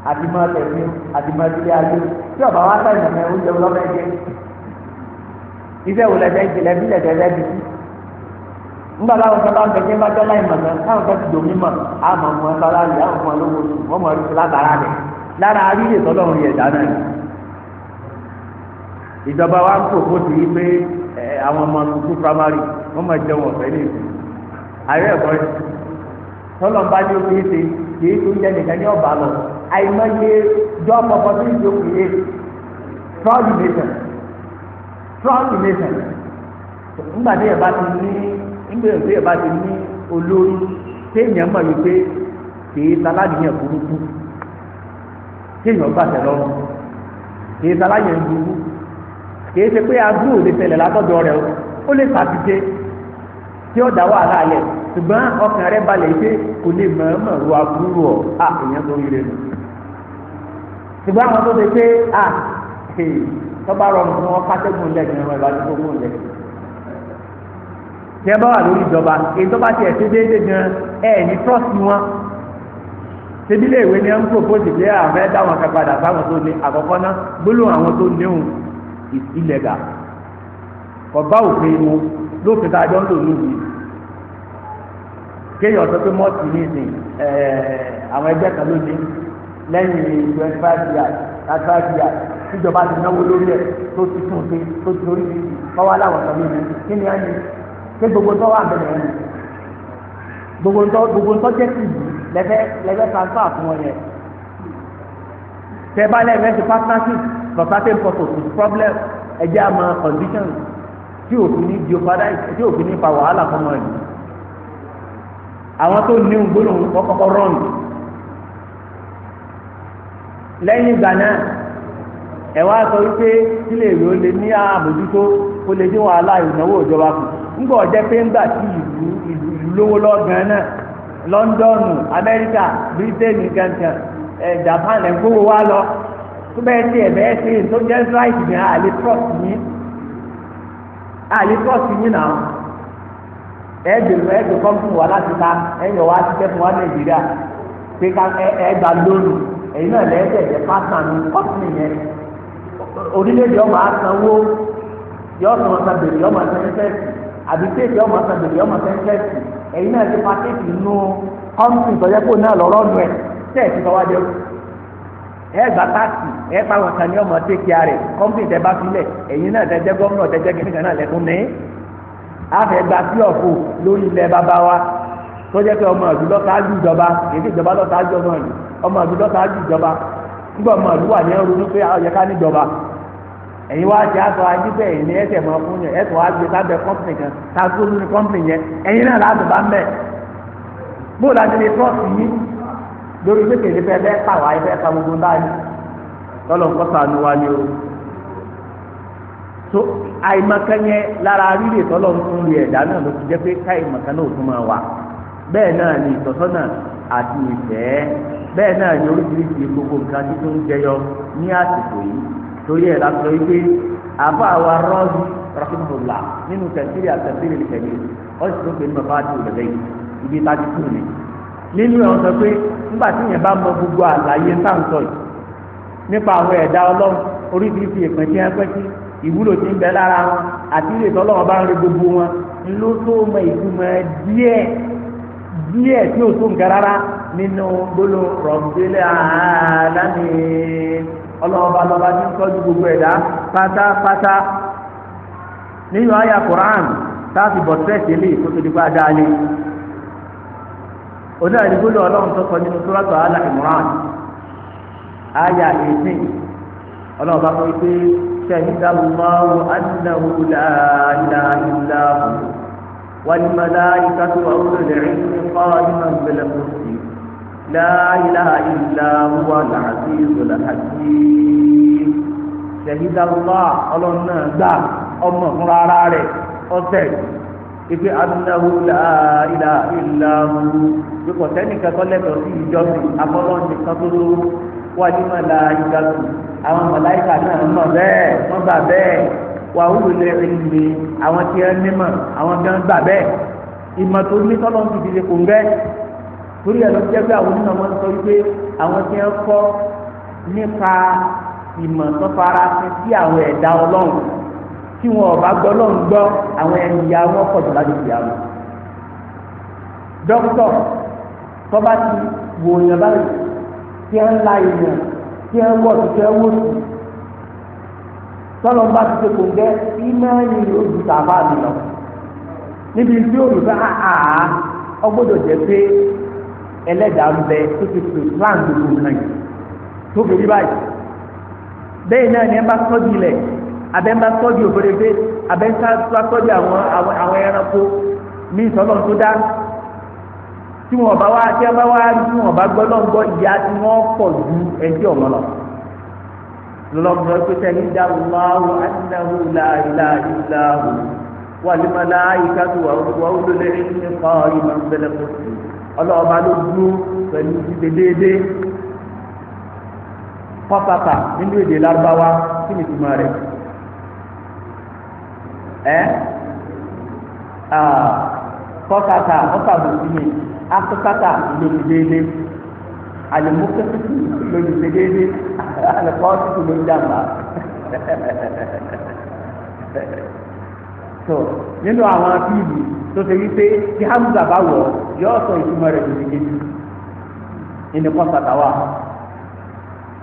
àti máa tẹ̀sí àti máa tilé ayé tí ọba wa sá ìmọ̀ oúnjẹ wo lọ́mọ ẹ̀jẹ̀ iṣẹ́ wo lẹ́sẹ̀ ń tilẹ̀ bí lẹ́sẹ̀ rẹ̀ ńgbà láwọn sábà ń tẹ̀sí bá ìmọ̀ káwọn ti dòmí mọ̀ mọ̀ wọ́n mọ̀ látara rẹ̀ lára aríyè yẹ̀ dáná ìjọba wa ń kó pé àwọn ọmọ tuntun primary wọ́n mọ̀ ní àìmọye job opportunity ó create strong nation strong nation ńgbà tí yẹn bá ti ní ńgbà tí yẹn bá ti ní olórí téèyàn mọ̀ wípé kìí saládìyàn burúkú téèyàn bá tẹ̀ lọ́rùn kìí saládìyàn burúkú kìí ṣe pé adúrò lè tẹ̀lẹ̀ látọ̀dọ̀ rẹ̀ o ó lè ṣàtúnṣe tí ó dá wàhálà lẹ̀ ṣùgbọ́n ọkàn rẹ̀ balẹ̀ pé kò lè mọ̀ọ́mọ̀ ro aburú ọ̀ àpèyàn tó rí rẹ̀ nù ṣùgbọ́n àwọn tó ṣe pé à tọ́ba rọrùn fún wọn kátẹ́gùn lẹ́gbẹ̀ẹ́ wọn ìbá dúró fún lẹ́gbẹ̀ẹ́ tí ẹ bá wà lórí ìjọba èyí tó bá tiẹ̀ ṣe déédéé gan ẹ ní trust wọn ṣebí ilé ìwé ni ẹ ń propose pé àwọn ẹ dáwọn kan padà fáwọn tó ní àkọ́kọ́ ná gbólóhùn àwọn tó níhùn ìlẹ̀gà ọba òfin mu lófin tá a jọ ń lò níbi kéèyàn sọ pé mọ́ọ̀tì ní ìsìn lẹ́yìn twenty five years thirty five years tíjọba ti náwó lórí ẹ̀ tó ti tún ṣe tó ti lórí mi kọ́wá láwọn ọ̀sán mi ni kí ni á ní ṣé gbogbo tó wà bẹ̀rẹ̀ ẹ̀ ní gbogbo ntọ́ gbogbo ntọ́ jẹ́ sí ìlú lẹ́fẹ́ lẹ́fẹ́ transfer fún wọn yẹn tẹ bá lẹ́fẹ́ ti partnership for certain purpose with problem ẹ̀jẹ̀ àmọ́ conditions tí òfin ní geopadise tí òfin ní fa wàhálà fún wọn yìí àwọn tó ní gbólóhùn kọ́kọ́ rọ́ọ̀nù. lẹ́yìn ìgbà náà ẹ wá sọ wípé sílẹ̀ èwe ó lè ní àmójútó lè dín wàhálà ìnáwó ìjọba kù ńgbà ọ̀jẹ́ pé ńgbà tí ìlú ìlú lówó náà lọ́ńdọ̀nù amẹ́ríkà bírítéènì kankan ẹ̀ japan ẹ̀ gbówó wá lọ tó bẹ́ẹ̀ tí ẹ̀ bẹ́ẹ̀ tí tó jẹ́ ní àlè yín àlè yín náà wà láti ta ẹ̀yọ̀ wá ti tẹ́ fún wa nàìjíríà pé ká lónìí. èyí náà lẹ́ẹ̀dẹ̀ jẹ́ pátánù pọ́tìnì yẹn orílẹ̀-èdè ọmọ asanwó yọ ọmọ asabere ọmọ asẹ́ńtẹ́sì àbí ọmọ asabere ọmọ asẹ́ńtẹ́sì èyí náà ti pàtẹ́kì nù kọ́ńtì tọ́jà kó náà lọ́rọ́ nù ẹ̀ ẹ gba táàkì ẹ pa kọ́ńtì bá filẹ̀ náà náà tọ́jà pé ọmọ ìlú lọ́sáájú ìjọba èdè ìjọba lọ́sáájú ọmọ ìlú ọmọ ìlú lọ́sáájú ìjọba nígbà ọmọ ìlú wà ní ẹrú ní pé ọ̀yẹ́ ká níjọba ẹ̀yin wá ti aṣọ ajíbẹ̀ yìí ní ẹsẹ̀ mọ́ fún yẹn ẹsẹ̀ wá gbé sábẹ́ kọ́mpìnì kan káàkiri olú ní kọ́mpìnì yẹn náà láti bá mẹ́ bó la ti lè yín lórí bẹ́ẹ̀ náà ni ìtọ́sọ́nà àti ìfẹ́ bẹ́ẹ̀ náà ni oríṣiríṣi gbogbo nǹkan tí tó ń jẹyọ ní àsìkò yìí torí ẹ̀ la sọ wípé àbá àwa rọ́ọ̀dù rahimahullah nínú ibi tá a ti kúrò ní. nínú ẹ̀ wọ́n sọ pé nígbà tí yẹn bá mọ gbogbo àlàyé sáǹsọ̀ yìí nípa àwọn ẹ̀dá ọlọ́run oríṣiríṣi ìwúlò ń bẹ lára wọn àti ilé díẹ̀ tí o tó nǹkan rárá nínú gbóló rọ̀bílẹ̀ àdáni ọlọ́ọ̀bá lọ́ba tí ń tọ́jú gbogbo ẹ̀dá pátápátá nínú àyà Quran táàfì bọ̀tẹ́ẹ̀tì lè kó tó di pa dáálé onáà ní gbóló ọlọ́run tó sọ nínú sóràtò àlà Imran àyà èsì ọlọ́ọ̀bá kọ́ pé sẹ́yìn dáhùn máa wọ adínàwó làálàá ìlàhùn. والملائكة وأولو العلم قائما بالقسط لا إله إلا هو العزيز الحكيم شهد الله ọlọ́nà gbà ọmọ fúnra ara rẹ̀ ọ̀sẹ̀ ife anahu la ila illa hu ikọ sẹnìkan tó lẹ́tọ̀ọ́ sí ìjọsìn akọlọni kátóló wà ní màláyíkà tó àwọn màláyíkà náà mọ bẹ́ẹ̀ mọ bà bẹ́ẹ̀ wà wúlò lẹ́yìn ìlú àwọn tí wọ́n ní mọ̀ àwọn tí wọ́n gbà bẹ́ẹ̀ ìmọ̀ tó ní tọ́lọ́ ń fìdí kò ń bẹ́ torí ẹ̀ ló jẹ́ pé àwọn onímọ̀ máa ń sọ wípé àwọn tí wọ́n kọ́ nípa ìmọ̀ tó fara sí sí àwọn ẹ̀dá ọlọ́run tí wọn ọba gbọ́ lọ́run gbọ́ àwọn ẹ̀yà wọn pọ̀ jù láti fi àwọn. dókítọ̀ tọ́ba ti wò yàn báyìí tí wọ́n la ìyàn tí wọ́n wọ̀ tí wọ́n wò sí tọ́lọ́ bá ti ṣe kò ń jẹ́ ìmọ̀ẹ́nì oṣù tàbá mi lọ níbi tí olùfẹ́ àá ọgbọ́dọ̀ ah, ah, jẹ́ pé ẹlẹ́dàá ń bẹ tó ti pè plan gbogbo nǹkan tó fi rí báyìí bẹ́ẹ̀ náà ni ẹ bá sọ́jú ilẹ̀ abẹ́ ń bá sọ́jú òfurufú abẹ́ ń bá sọ́jú àwọn àwọn ẹranko ní ìsọ́lọ́ tó dá tí wọn bá wá tí wọn bá gbọ́ lọ́ngbọ́ ìyá tí wọ́n pọ̀ ju ẹjẹ́ ọ̀mọ́ lọ lọ́lọ́mọ ẹgbẹ́ sẹ́yìn dáhùnmáwò ẹnìdáhùn láìlá ìlàhùn wàlímọ̀lá ìkàtù wà olólè ẹ̀yìn kọ́ ìmọ̀ ìbẹ̀lẹ̀ kọ́sì ọlọ́ọ̀bá ló dúró pẹ̀lú ìdíje déédéé pọ́pàpà nínú èdè lárúbáwá kí ni ìtumọ̀ rẹ̀ ẹ́ pọ́pàpà ọ̀pàbùsí ni akọ́pàpà ló ti déédéé àlùmọ́kẹ́ lòdì sí déédé àlùkọ́ tuntun ló ń dàgbà. tó nínú àwọn fíìmù tó ṣe wípé tí hamza bá wọ̀ yóò sọ ìtumọ̀ rẹ̀ lòdì kejì ìní kan sàtàwà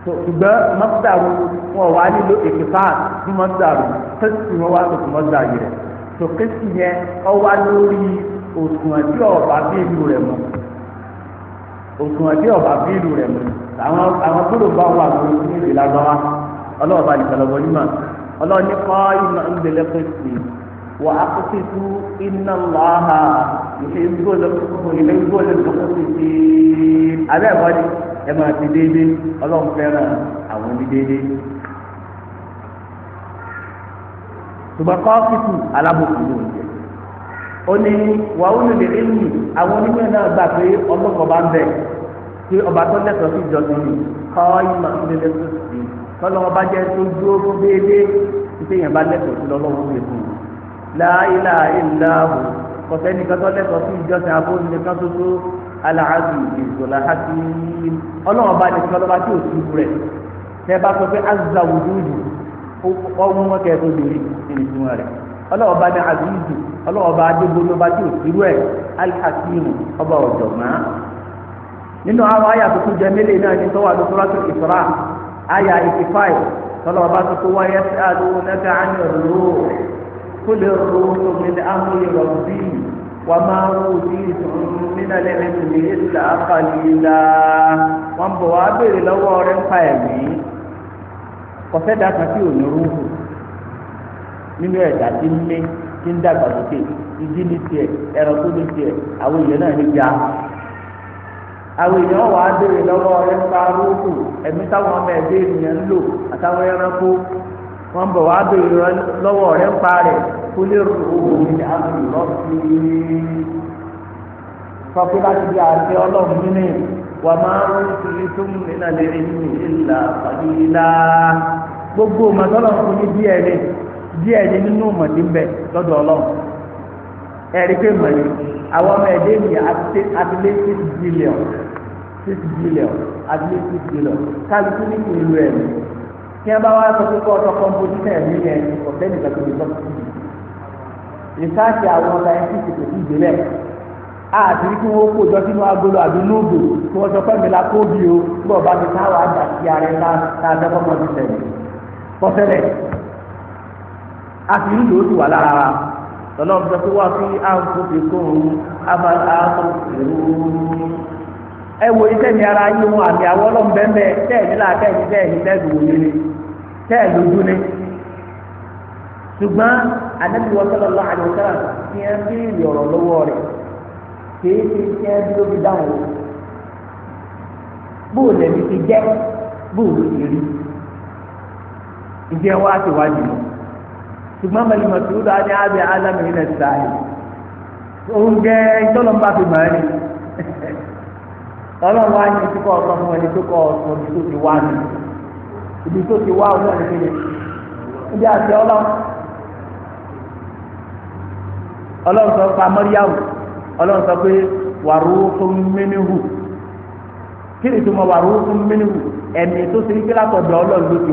ṣùgbọ́n mọ́tàrú wọn wà nílò èkìfà ní mọ́tàrú kẹ́sì wọn wà lóṣù mọ́tàrú rẹ̀ tó kẹ́sì yẹn ọ wá lórí òṣùwọ̀n tí ọ̀bá bí ìlú rẹ̀ mọ́. òṣùwọ̀n tí ọba bíìlù rẹ̀ mú àwọn àwọn gbọ́dọ̀ bá wà lórí ní ìlú lágbára ọlọ́ọ̀ba nìkàlọ́gbọ́n nímọ̀ ọlọ́ọ̀ni kọ́ ìmọ̀ ń gbélé pèsè wà á kó sí tú iná lọ́ha ìṣe ìgbóòlè lọ́kọ́ abẹ́ ẹ máa ti fẹ́ràn àwọn ní ṣùgbọ́n kọ́ ó ní wàhùn lè lè mú àwọn onímọ̀ náà gbà pé ọlọ́kọ̀ bá ń bẹ̀ pé ọba tó lẹ́tọ̀ọ́ sí ìjọsìn ni kọ́ ìmọ̀ nílé tó sì tọ́lọ́wọ́ bá jẹ́ tó dúró fún déédéé títí yẹn bá lẹ́tọ̀ọ́ sí lọ́lọ́wọ́ lè fún un láìlà ìlàhù kọ̀tẹ́ nìkan tó lẹ́tọ̀ọ́ sí ìjọsìn abóni nìkan tó tó aláàbì ìṣòlá àti ọlọ́wọ́ bá nìkan lọ́ba tí ò sí ibú rẹ̀ tẹ́ bá sọ pé azza wùdúùdù ọ̀hún mọ́kẹ́ tó lè rí ìrìnsùn ọlọ́ọ̀ba ní azizu ọlọ́ọ̀ba adégbónúba tí ò sírú ẹ̀ alhakimu ọba ọ̀jọ̀gbọ́n nínú àwọn àyà tó tún jẹ mélòó náà ní tọ́wọ́ àdókòrátò ìsọ̀rá àyà eighty five ọlọ́ọ̀ba tó tó wáyé sí àdúgbò nẹ́ka àní ọ̀rọ̀ kúlẹ̀ ọ̀rọ̀ mi ní amúlẹ̀ rọ̀bì wà máa bọ̀ wá béèrè lọ́wọ́ rẹ̀ ń pa ẹ̀mí kọ̀fẹ́ dàkàtì òní rúhù nínú ẹ̀dá tí ń mí tí ń dàgbà sókè ìdí ní tiẹ̀ ẹranko ní tiẹ̀ àwọn èèyàn náà ní àwọn èèyàn wà á béèrè lọ́wọ́ ẹ̀mí táwọn ọmọ ẹ̀dá ènìyàn ń lò àtàwọn ẹranko bọ̀ béèrè lọ́wọ́ ń pa rẹ̀ kó lè rò owó ní àbúrò ń díẹ̀ ní nínú mọ̀tí ń bẹ lọ́dọ̀ ọlọ́run ẹ̀rí pé mọ̀lì àwọn ọmọ ẹ̀dẹ́ mi abilé six billion six billion abilé six billion kálukú ní ìlú ẹ̀mí kí ẹ bá wá sọ pé kọ́ ọ̀tọ̀ ẹ̀mí agolo àbí lóògùn kí wọ́n la kó bí o bí ọba mi káwọn àgbà a sì ń lò ó sì wà lára wa lọ́lọ́ sọ pé wá sí kóhùn ẹ wo iṣẹ́ mi ara yín wọn àmì àwọn ọlọ́mbẹ́ńbẹ́ tẹ́ẹ̀ nílà tẹ́ẹ̀ tẹ́ẹ̀ ní tẹ́ẹ̀ lòwòye ni tẹ́ẹ̀ lójú ni ṣùgbọ́n lọ́wọ́ lọ́wọ́ rẹ̀ kìí dúró fi dáhùn bóò ti ṣùgbọ́n mẹ́lì mọ̀tòdó á ní abẹ́ alámi ilẹ̀ sáyé òun jẹ́ ìtọ́lọ́mbà fi mọ̀ ẹ́ ọlọ́run á ní ìtukọ̀ ọ̀sán fún ẹni tó kọ ọ̀sán ibi tó ti wá ní ibi tó ti wá ọ̀sán ní kéde ibi àti ọlọ́run ọlọ́run sọ ọlọ́run sọ pé wàrú kí ni tó mọ wàrú tó látọ̀dọ̀ ọlọ́run ló ti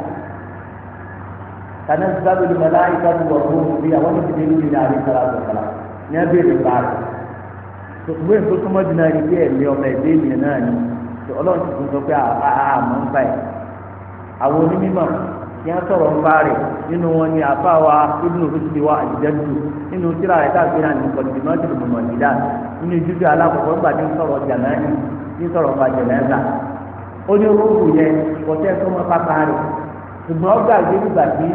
tanazzalu al-mala'ikatu wa ruhu fiha wa jibrilu ila alayhi salatu wa salam ní abẹ́ ìlú báyìí tòkùnbó ìfò tó mọ́ dínà rí bí ẹ̀mí ọmọ ẹ̀dẹ́ ènìyàn náà kí sọ̀rọ̀ ń nínú wọn ni àbá wa ibùdó wa àjẹjù nínú tíra náà nínú alákọ̀ọ́kọ́ gbà ní sọ̀rọ̀ ní sọ̀rọ̀ bàjẹ́ lẹ́sà ó ṣùgbọ́n ọgbà yìí nígbà tí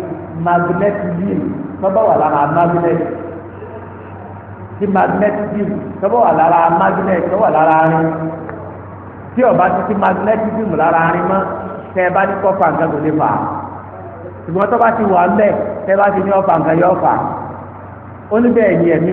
magnet yìí wà lára magnet tí magnet wà lára magnet tí ọba ti magnet yìí lára rin mọ́ tẹ́ ẹ bá ní kọ́ fà nǹkan kò lè fà ṣùgbọ́n tọ́ba ti wà mẹ́ tẹ́ ẹ bá ti ní ọ̀fà nǹkan yọ̀ fà ó ní bẹ́ẹ̀ ni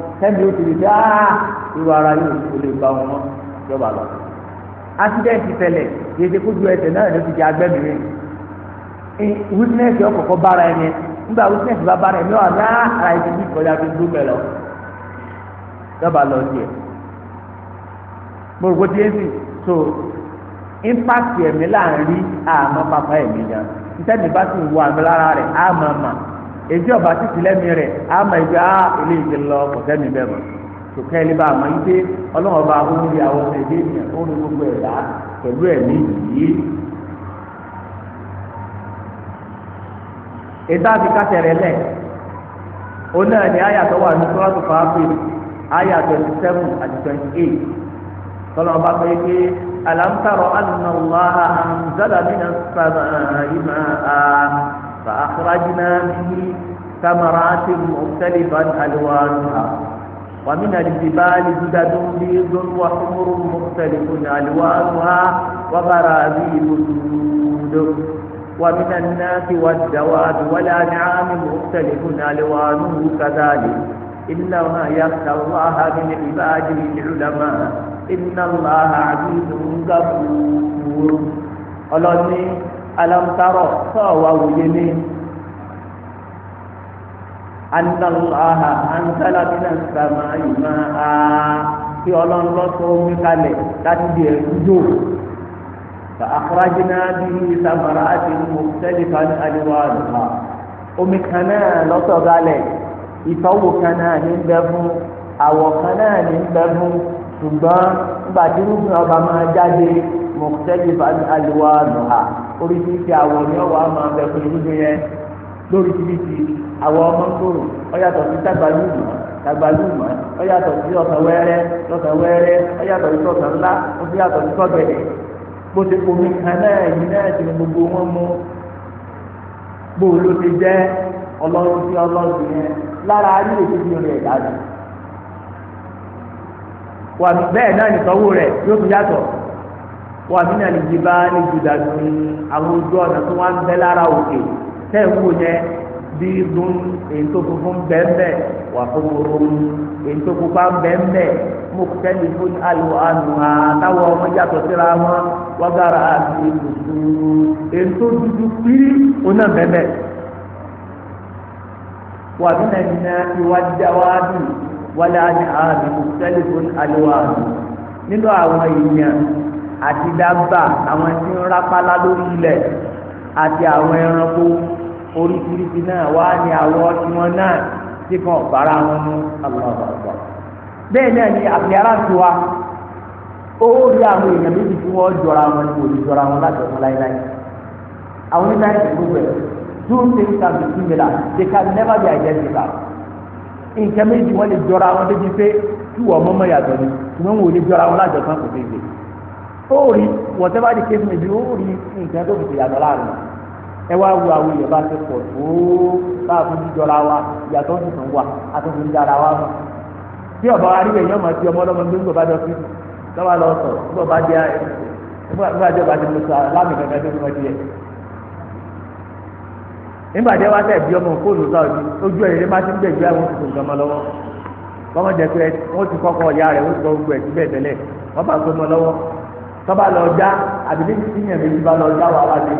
tẹ́mi ah, ó ti di dáa irú ara yóò kó lè gba ọmọ ìjọba lọ. accident tẹlẹ yìí ṣe kó ju ẹsẹ̀ náà ló ti di agbẹ́mìírí witness yọ bára ẹni nígbà bá bára ẹni ah, ara ẹni bí dúró mẹ́lọ ìjọba lọ sí ẹ̀. mo so impact ẹ̀mí là àmọ́ pápá ẹ̀mí bá sì wọ àmì Ezi ọba títí lẹ́mi rẹ̀ ama ìgbé a ilé ìgbé lọ kọ̀tẹ́ mi bẹ́ẹ̀ mọ̀ tòkẹ́ ẹni bá àmọ́ yíké ọlọ́run ọba ahóhùn rí àwọn ọmọ ẹ̀dẹ́ gbogbo yìí. wà twenty seven àti eight فأخرجنا به ثمرات مختلفا ألوانها ومن الجبال جدد بيض وحمر مختلف ألوانها وغرابيب سود ومن الناس والدواب والأنعام مختلف ألوانه كذلك إنما يخشى الله من عباده العلماء إن الله عزيز غفور ọlọ́ni alamtarọ sọ̀wá wòye ní analaha anzala mina sama yuma aa kí ọlọ́nlọ́sọ omi kalẹ̀ láti di ẹ̀rú jò fa akhrajna bihi samaraatin mukhtalifan alwanuha omi kan náà lọ́sọ̀ kalẹ̀ ìtọ́wò kan náà ní bẹ́ fún àwọ̀ kan ní bẹ́ fún. ṣùgbọ́n nígbà tí rúgbìn ọba máa jáde mọ̀tẹ́lì aliwa nùhà oríṣiríṣi àwọ̀ ni ọwọ́ a máa bẹ fún irúgbìn yẹn lóríṣiríṣi àwọ̀ ọmọ kòrò ọ̀yàtọ̀ sí ọ̀yàtọ̀ sí ọ̀sán wẹ́rẹ́ ọ̀sán wẹ́rẹ́ ọ̀yàtọ̀ sí ọ̀sán ńlá ọ̀yàtọ̀ sí bó ti kò mí kan náà yìí náà wà bẹ́ẹ̀ náà nìkanwó rẹ̀ yóò tún yàtọ̀ wà mí náà lè jìbá lè jùdà ní àwọn ojú ọ̀nà tó wá ń bẹ lára òkè tẹ́ ẹ̀ wò yẹn bí dùn èyí tó funfun bẹ́ẹ̀ wà fún ooru èyí tó pupa bẹ́ẹ̀ mo kẹ́ ní fún àlọ́ àná àtàwọn ọmọ yàtọ̀ síra wọn wọ́gàrà àti ìtùtù èyí tó dúdú pírí oná bẹ́ẹ̀ wà mí náà ní wọlé àmì sẹ́lifún aliwa nínú àwọn èèyàn àti dábà àwọn tí ń rápálá lórí ilẹ̀ àti àwọn ẹranko oríṣiríṣi náà wá ní àwọ̀ tiwọn náà tí kan bára wọn mú àlọ́bàbà bẹ́ẹ̀ náà ni àfihàn tó wa owó rí àwọn èèyàn méjì tí wọ́n jọra wọn ní òní jọra wọn láti ọ̀hún láéláé àwọn oníṣẹ́ ìṣègùn bẹ̀rẹ̀ two things can be similar they can never be identical nǹkan méjì wọ́n lè jọra wọn débi pé kí wọ́n mọ́mọ́ yàtọ̀ ni ṣùgbọ́n wọn ò lè jọra wọn lájọ kan kò tẹ̀ ṣe ó rí whatever the case may be ó rí nǹkan tó fi yàtọ̀ láàrin ẹ wá wo àwọn èèyàn bá ti pọ̀ tó bá a fún jíjọra wa ìyàtọ̀ ń sùn wà a tún fi ń dára wa mọ̀ bí ọba wa rí èèyàn máa fi ọmọ ọlọ́mọ gbé ńgbọ̀ bá jọ sí lọ́wọ́ lọ́sọ̀ọ́ bí ọba jẹ́ láàmì kankan nígbàdé wa tẹ̀ bí ọmọ fóònù sáwọ́dì ojú ẹ̀rẹ́ má ti ń gbẹ̀gbẹ́ àwọn tuntun nǹkan mọ́ lọ́wọ́ kọ́mọ jẹ́ pé wọ́n ti kọ́kọ́ ọ̀yá rẹ̀ wọ́n ti kọ́ gbogbo ẹ̀ síbẹ̀ tẹ́lẹ̀ wọ́n bá gbọmọ lọ́wọ́ tọ́ba lọ já àbí ní síyàn méjì bá lọ já wàhálà dé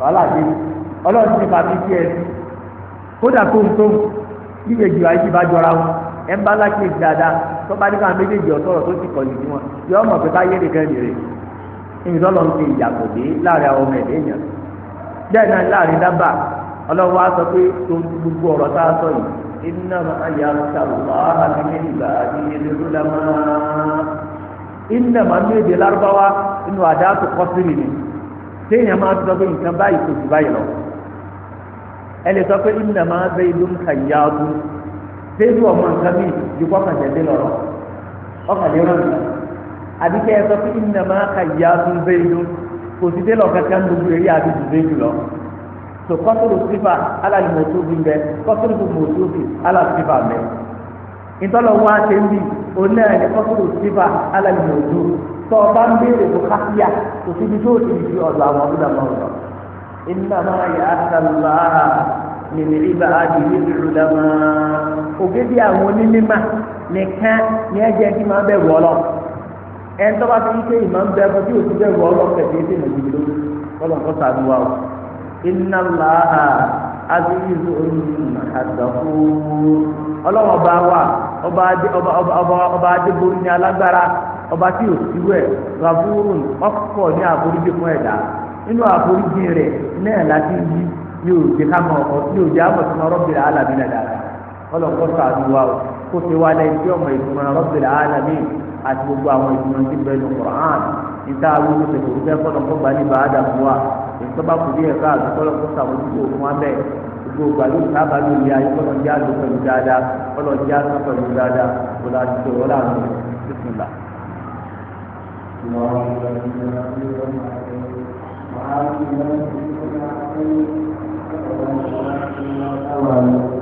wàhálà dé ọlọ́run ti bàbí kí ẹ kódà tó ń tó bí méjì wáyé ti bá jọra wọn ẹ ń bá láti dáadáa tọ́ba nígbà méjèèjì ọ̀tọ̀rọ̀ tó ti kọ̀lì ní wọn yọ ọmọ pé báyé nìkan nìrè bẹ́ẹ̀ náà láàrin dábà ọlọ́run wa sọ pé tó gbogbo ọ̀rọ̀ tá a sọ yìí iná ayé àtàlùmọ́ àbílẹ̀ ìgbà àbílẹ̀ lọ́lọ́mọ́ iná máa ń léde lárúbáwá inú àdá tó kọ́ sírì ni téèyàn máa sọ pé nǹkan báyìí kò jù báyìí lọ ẹ lè sọ pé iná máa bẹ ìlú nǹkan ìyá ọdún déédú ọmọ nǹkan bíi ju kọ́kànjẹ́ dé lọ́rọ́ ọkànjẹ́ rán mi àbíkẹ́ ẹ sọ pé iná máa kà ìyá ọdún bẹ ìlú kò sí dé lọ́kàtà ń gbogbo eré àti dùdú jùlọ so kọ́sùrù sífà alàlì mọ̀tòbí mbẹ kọ́sùrù mọ̀tòbí alàlì sífà mbẹ ìtọ́lọ̀ wá ṣe ń bì oní ẹ̀yẹ kọ́sùrù sífà alàlì mọ̀tòbí tọ́ ọ bá ń béèrè fún káfíà kò síbi tó ti fi ọ̀dọ̀ àwọn ọ̀dọ̀ àwọn ọ̀dọ̀ iná máa yà á sàlùmá nínú ibà àdìrí ìrùlámà ògidì àwọn onímọ̀ nìkan ní ẹ̀jẹ̀ kí máa bẹ̀ wọ́ lọ́wọ́ ẹni tó bá ti ń ké ìmọ̀ ń bẹ ẹkọ tí òsì bẹ́ẹ̀ wọ ọlọ́pẹ̀ tí èsì nàìjíríà kọ́lọ̀ kọ́ sàánú wa o. iná àdàkú ọlọ́wọ́ bá wà ọba adé ọba ọba ní alágbára ọba tí wẹ̀ ọkọ̀ ní àforíjì fún ẹ̀dá nínú àforíjì rẹ̀ náà láti yí yóò jẹ́ ká mọ̀ ọ́ yóò jẹ́ àmọ̀ kó ti wá lẹ́yìn tí ọmọ ìgbìmọ̀ Rabbil Alamin àti gbogbo àwọn ìgbìmọ̀ tí bẹ́ẹ̀ lọ Qur'an níta àwọn oṣù tẹ̀lé òṣìṣẹ́ kọ́nà kọ́gbà ní bàádà fún wa ìtọ́ba kù díẹ̀ ká àtúntọ́lọ́ kó sàmójútó fún abẹ́ gbogbo àlù sábà ló lé ayé kọ́nà jẹ́ àlù pẹ̀lú dáadáa kọ́nà jẹ́ àlù pẹ̀lú dáadáa kọ́nà àtúntò wọlé àlù tuntun là. Thank you.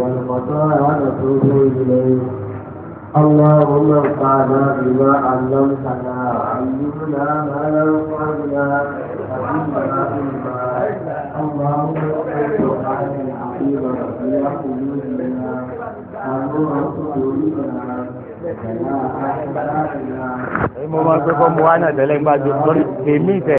والخطايا نتوب إليك اللهم انفعنا بما علمتنا وعلمنا ما ينفعنا وعلمنا بما اللهم اغفر القرآن العظيم في قلوبنا ونور صدورنا ẹ mo máa gbé fọ́ọ̀mù wa náà tẹ́lẹ̀ ń bá jọ sọ́rí èmi ìtẹ̀.